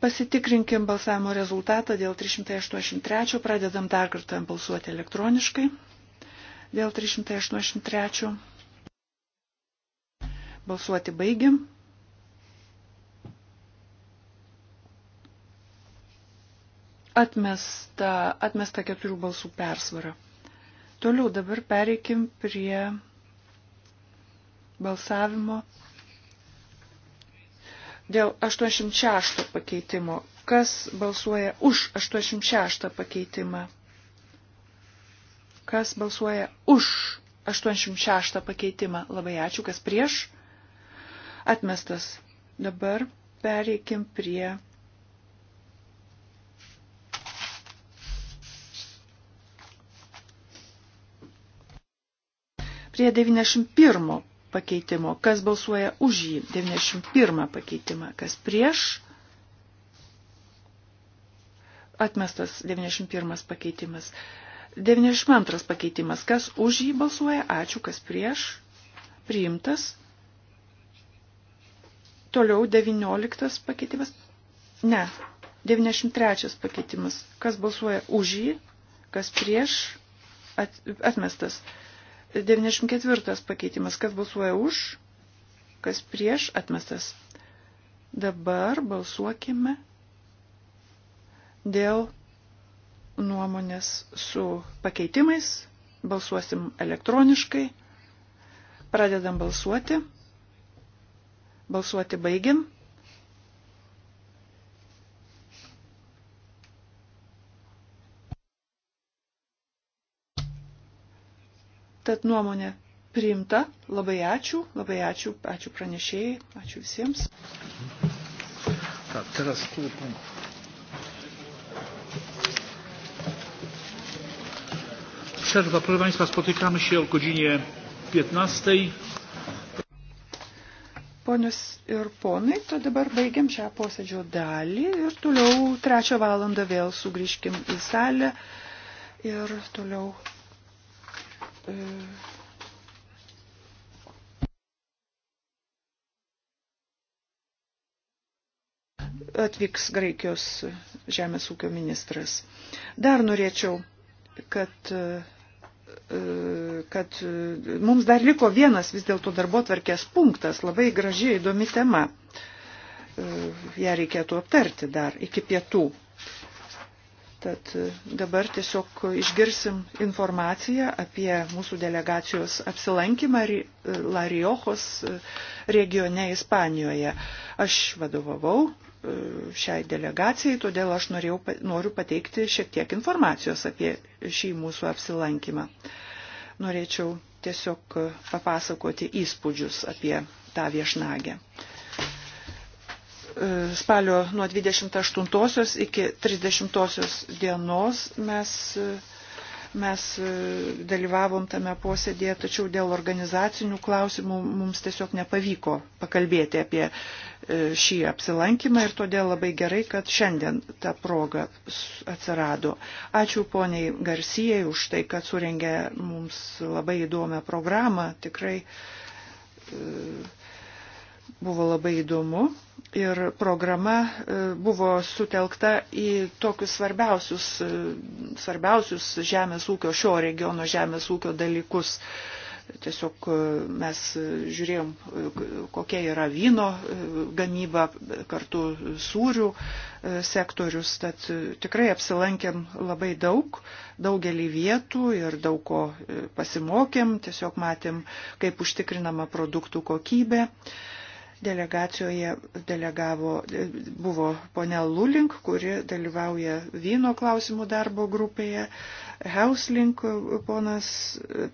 Pasitikrinkim balsavimo rezultatą dėl 383. Pradedam dar kartą balsuoti elektroniškai. Dėl 383. Balsuoti baigiam. atmesta, atmesta keturių balsų persvara. Toliau dabar pereikim prie balsavimo dėl 86 pakeitimo. Kas balsuoja už 86 pakeitimą? Kas balsuoja už 86 pakeitimą? Labai ačiū, kas prieš? Atmestas. Dabar pereikim prie prie 91 pakeitimo. Kas balsuoja už jį? 91 pakeitimą. Kas prieš? Atmestas 91 pakeitimas. 92 pakeitimas. Kas už jį balsuoja? Ačiū. Kas prieš? Priimtas. Toliau 19 pakeitimas. Ne. 93 pakeitimas. Kas balsuoja už jį? Kas prieš? At, atmestas. 94 pakeitimas. Kas balsuoja už, kas prieš atmestas. Dabar balsuokime dėl nuomonės su pakeitimais. Balsuosim elektroniškai. Pradedam balsuoti. Balsuoti baigim. Tad nuomonė priimta. Labai ačiū, labai ačiū, ačiū pranešėjai, ačiū visiems. Tak, teraz tu pan. Przerwa, proszę Państwa, spotykamy się o godzinie 15. Ponius ir ponai, to dabar baigiam šią posėdžio dalį ir toliau trečią valandą vėl sugrįžkim į salę ir toliau atvyks Graikijos žemės ūkio ministras. Dar norėčiau, kad, e, kad mums dar liko vienas vis dėlto darbo tvarkės punktas, labai gražiai įdomi tema. E, ja reikėtų aptarti dar iki pietų. Tad e, dabar tiesiog išgirsim informaciją apie mūsų delegacijos apsilankymą e, Lariojos e, regione Ispanijoje. Aš vadovavau šiai delegacijai, todėl aš norėjau, noriu pateikti šiek tiek informacijos apie šį mūsų apsilankymą. Norėčiau tiesiog papasakoti įspūdžius apie tą viešnagę. E, spalio nuo 28 iki 30 dienos mes, e, mes e, dalyvavom tame posėdėje, tačiau dėl organizacinių klausimų mums tiesiog nepavyko pakalbėti apie šį apsilankymą ir todėl labai gerai, kad šiandien ta proga atsirado. Ačiū poniai Garsijai už tai, kad surengė mums labai įdomią programą. Tikrai buvo labai įdomu ir programa e, buvo sutelkta į tokius svarbiausius, e, svarbiausius žemės ūkio, šio regiono žemės ūkio dalykus. Tiesiog e, mes žiūrėjom, kokia yra vyno gamyba, kartu sūrių sektorius, tad tikrai apsilankėm labai daug, daugelį vietų ir daug ko pasimokėm, tiesiog matėm, kaip užtikrinama produktų kokybė delegacijoje delegavo, buvo ponia Lulink, kuri dalyvauja vyno klausimų darbo grupėje, Hauslink ponas,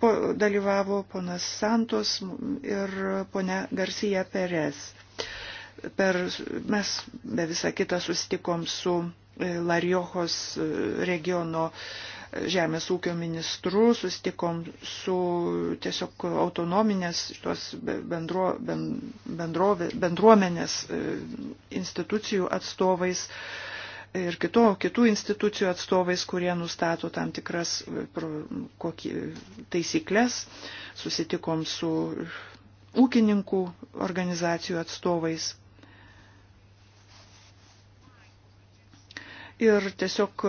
po, dalyvavo ponas Santos ir ponia Garcia Perez. Per, mes be visą kitą susitikom su Lariojos regiono uh, žemės ūkio ministru, susitikom su tiesiog autonominės šitos bendro, bendro, bendruomenės e, institucijų atstovais ir kito, kitų institucijų atstovais, kurie nustato tam tikras e, kokį, taisyklės. Susitikom su ūkininkų organizacijų atstovais. Ir tiesiog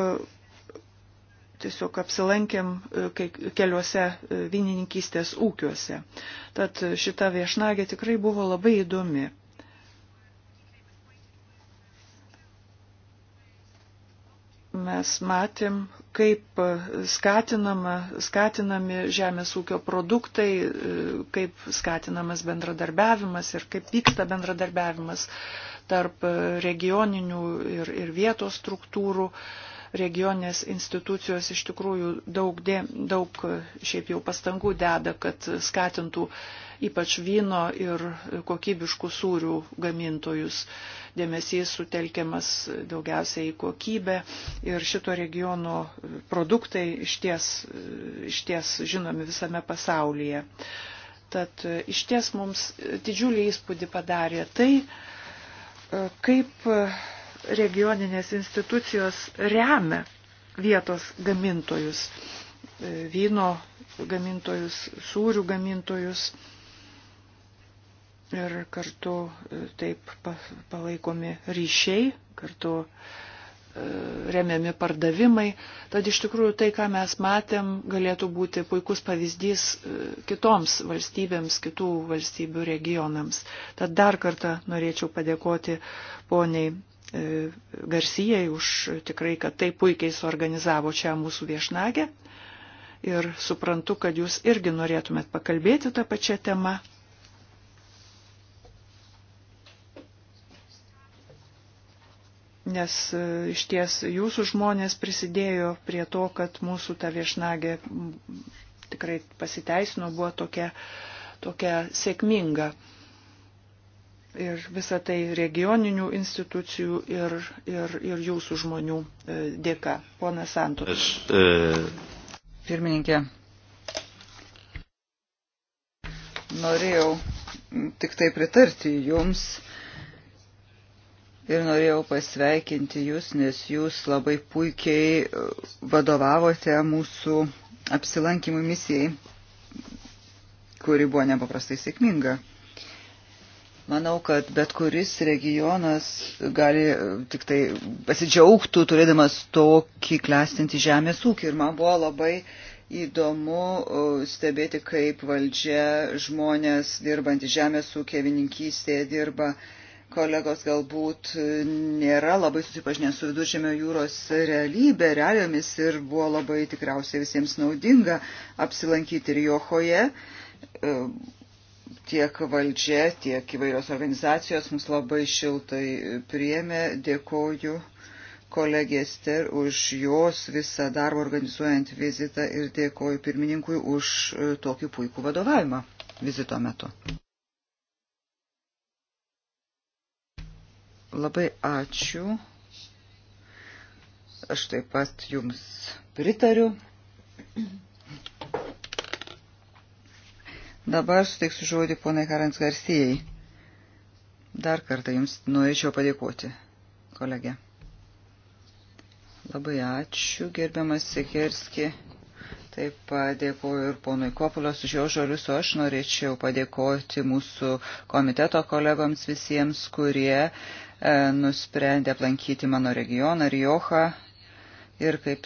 tiesiog apsilankėm e, keliuose e, vynininkystės ūkiuose. Tad šita viešnagė tikrai buvo labai įdomi. Mes matėm, kaip e, skatinama, skatinami žemės ūkio produktai, kaip skatinamas bendradarbiavimas ir kaip vyksta bendradarbiavimas tarp regioninių ir, ir vietos struktūrų. Uh, regioninės institucijos iš tikrųjų daug, dė, daug šiaip jau pastangų deda, kad skatintų ypač vyno ir kokybiškų sūrių gamintojus. Dėmesys sutelkiamas daugiausiai į kokybę ir šito regiono produktai išties, išties žinomi visame pasaulyje. Tad išties mums didžiulį įspūdį padarė tai, kaip regioninės institucijos remia vietos gamintojus, e, vyno gamintojus, sūrių gamintojus ir kartu e, taip palaikomi ryšiai, kartu e, remiami pardavimai. Tad iš tikrųjų tai, ką mes matėm, galėtų būti puikus pavyzdys kitoms valstybėms, kitų valstybių regionams. Tad dar kartą norėčiau padėkoti poniai E, Garsijai už tikrai, kad taip puikiai suorganizavo čia mūsų viešnagę. Ir suprantu, kad jūs irgi norėtumėt pakalbėti tą pačią temą. Nes e, iš ties jūsų žmonės prisidėjo prie to, kad mūsų ta viešnagė tikrai pasiteisino, buvo tokia, tokia sėkminga ir visą tai regioninių institucijų ir, ir, ir jūsų žmonių e, dėka. Pona Santu. E, Pirmininkė. Norėjau tik tai pritarti jums ir norėjau pasveikinti jūs, nes jūs labai puikiai e, vadovavote mūsų apsilankimų misijai, kuri buvo nepaprastai sėkminga. Manau, kad bet kuris regionas gali e, tik tai pasidžiaugtų turėdamas tokį klestinti žemės ūkį. Ir man buvo labai įdomu e, stebėti, kaip valdžia žmonės dirbantį žemės ūkį, vininkystėje dirba. Kolegos galbūt nėra labai susipažinę su viduržėmio jūros realybė, realiomis ir buvo labai tikriausiai visiems naudinga apsilankyti ir Johoje e, tiek valdžia, tiek įvairios organizacijos mus labai šiltai priėmė. Dėkoju kolegė Ester už jos visą darbą organizuojant vizitą ir dėkoju pirmininkui už e, tokį puikų vadovavimą vizito metu. Labai ačiū. Aš taip pat jums pritariu. Dabar suteiksiu žodį ponai Karans Garstijai. Dar kartą jums norėčiau padėkoti, kolegė. Labai ačiū, gerbiamas Sikerski. Taip pat dėkuoju ir ponui Kopulios už jo žodžius, o aš norėčiau padėkoti mūsų komiteto kolegoms visiems, kurie e, nusprendė aplankyti mano regioną Riochą. Ir kaip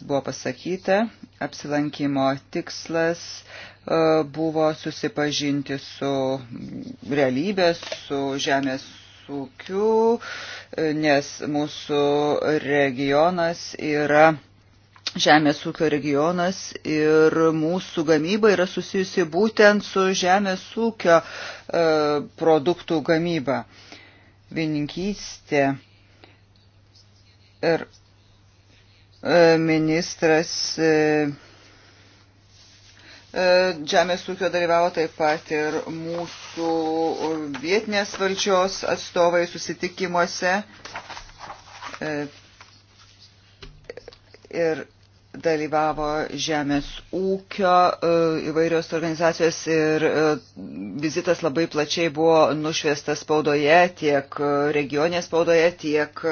buvo pasakyta, apsilankimo tikslas e, buvo susipažinti su realybė, su žemės ūkiu, e, nes mūsų regionas yra žemės ūkio regionas ir mūsų gamyba yra susijusi būtent su žemės ūkio e, produktų gamyba, vininkystė. Ir E, ministras e, e, Žemės ūkio dalyvavo taip pat ir mūsų vietinės valdžios atstovai susitikimuose. Ir dalyvavo žemės ūkio e, įvairios organizacijos ir e, vizitas labai plačiai buvo nušviestas spaudoje, tiek regionės spaudoje, tiek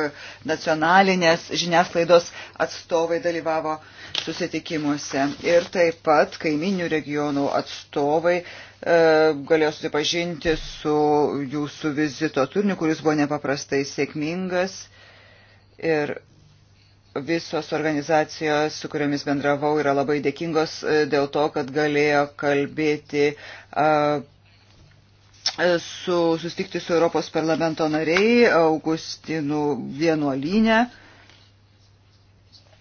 nacionalinės žiniasklaidos atstovai dalyvavo susitikimuose. Ir taip pat kaiminių regionų atstovai e, galėjo susipažinti su jūsų vizito turniu, kuris buvo nepaprastai sėkmingas. Ir visos organizacijos, su kuriomis bendravau, yra labai dėkingos e, dėl to, kad galėjo kalbėti e, su, sustikti su Europos parlamento nariai Augustinų vienuolinę.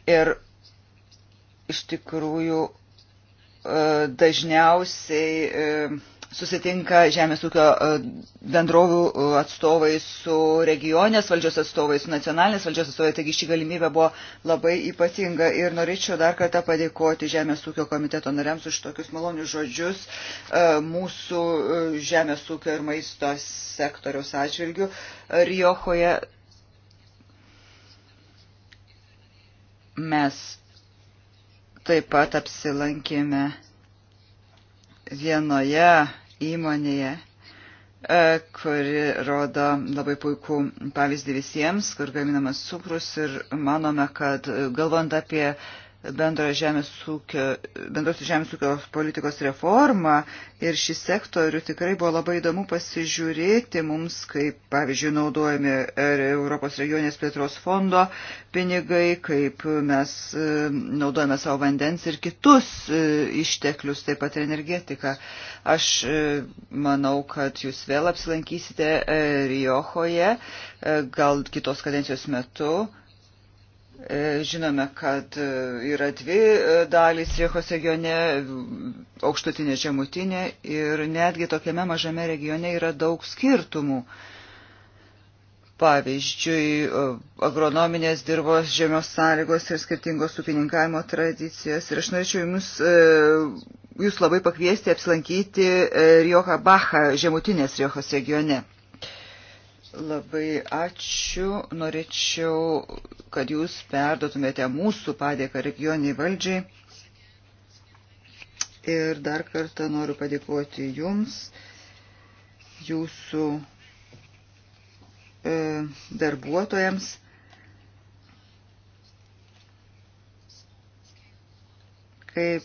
Ir iš tikrųjų e, dažniausiai susitinka žemės ūkio e, bendrovių e, atstovai su regionės valdžios atstovai, su nacionalinės valdžios atstovai, taigi ši galimybė buvo labai ypatinga ir norėčiau dar kartą padėkoti žemės ūkio komiteto nariams už tokius malonius žodžius e, mūsų žemės ūkio ir maisto sektoriaus atžvilgių. Riohoje mes taip pat apsilankėme vienoje įmonėje, e, kuri rodo labai puikų pavyzdį visiems, kur gaminamas cukrus ir manome, kad e, galvant apie bendros žemės ūkio, bendros žemės ūkio politikos reformą ir šį sektorių tikrai buvo labai įdomu pasižiūrėti mums, kaip pavyzdžiui naudojami e, Europos regionės plėtros fondo pinigai, kaip mes e, naudojame savo vandens ir kitus e, išteklius, taip pat ir energetiką. Aš manau, kad jūs vėl apsilankysite Riohoje, gal kitos kadencijos metu E, žinome, kad e, yra dvi e, dalys Riechos regione - aukštutinė, žemutinė ir netgi tokiame mažame regione yra daug skirtumų. Pavyzdžiui, agronominės dirbos žemios sąlygos ir skirtingos ūkininkavimo tradicijos. Ir aš norėčiau jums, jūs labai pakviesti apsilankyti Riocha Bacha žemutinės Riochos regione. Labai ačiū. Norėčiau, kad jūs perdotumėte mūsų padėką regioniai valdžiai. Ir dar kartą noriu padėkoti jums, jūsų e, darbuotojams. Kaip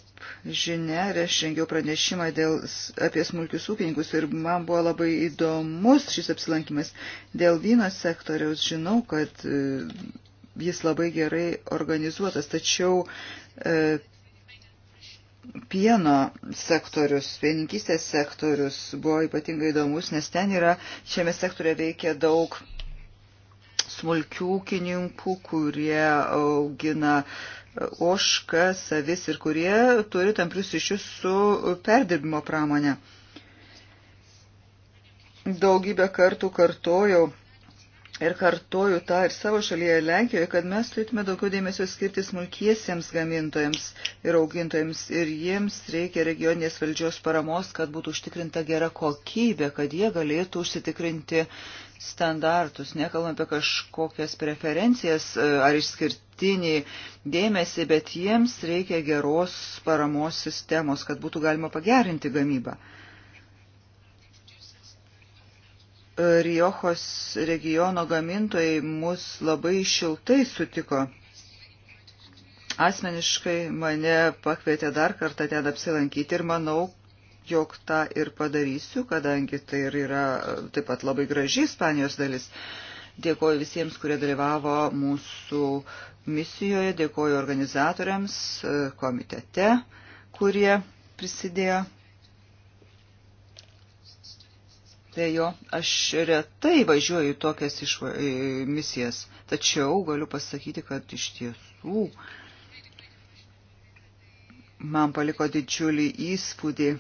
žinia, aš rengiau pranešimą dėl, apie smulkius ūkininkus ir man buvo labai įdomus šis apsilankimas. Dėl vyno sektoriaus žinau, kad e, jis labai gerai organizuotas, tačiau e, pieno sektorius, pieninkystės sektorius buvo ypatingai įdomus, nes ten yra, šiame sektorė veikia daug smulkių ūkininkų, kurie augina e, Oška, Savis ir kurie turi tamprius ryšius su perdirbimo pramonė. Daugybę kartų kartojau ir kartoju tą ir savo šalyje Lenkijoje, kad mes turėtume daugiau dėmesio skirti smulkiesiems gamintojams ir augintojams ir jiems reikia regioninės valdžios paramos, kad būtų užtikrinta gera kokybė, kad jie galėtų užsitikrinti standartus, nekalbam apie kažkokias preferencijas e, ar išskirtinį dėmesį, bet jiems reikia geros paramos sistemos, kad būtų galima pagerinti gamybą. E, Riochos regiono gamintojai mus labai šiltai sutiko. Asmeniškai mane pakvietė dar kartą ten apsilankyti ir manau, jog tą ir padarysiu, kadangi tai ir yra e, taip pat labai graži Ispanijos dalis. Dėkoju visiems, kurie dalyvavo mūsų misijoje, dėkoju organizatoriams, e, komitete, kurie prisidėjo prie jo. Aš retai važiuoju į tokias išva... misijas, tačiau galiu pasakyti, kad iš tiesų man paliko didžiulį įspūdį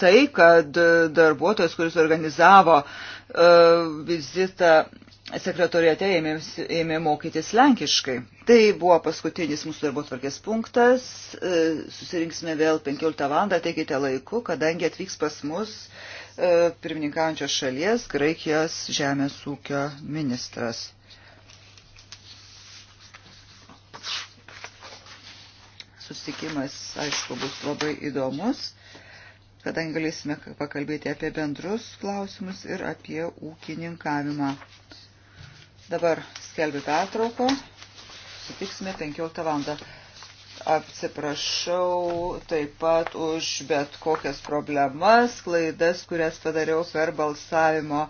tai, kad darbuotojas, kuris organizavo e, vizitą sekretoriate, ėmė, ėmė mokytis lenkiškai. Tai buvo paskutinis mūsų darbo tvarkės punktas. E, susirinksime vėl 15 val. Teikite laiku, kadangi atvyks pas mus e, pirmininkaujančios šalies Graikijos žemės ūkio ministras. Susitikimas, aišku, bus labai įdomus kadangi galėsime pakalbėti apie bendrus klausimus ir apie ūkininkavimą. Dabar skelbiu pertrauką, sutiksime 15 valandą. Atsiprašau taip pat už bet kokias problemas, klaidas, kurias padariau per balsavimo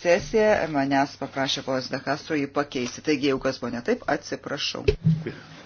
sesiją. Manęs paprašė ponas Dekastro jį pakeisti. Taigi, jeigu kas buvo ne taip, atsiprašau. Yeah.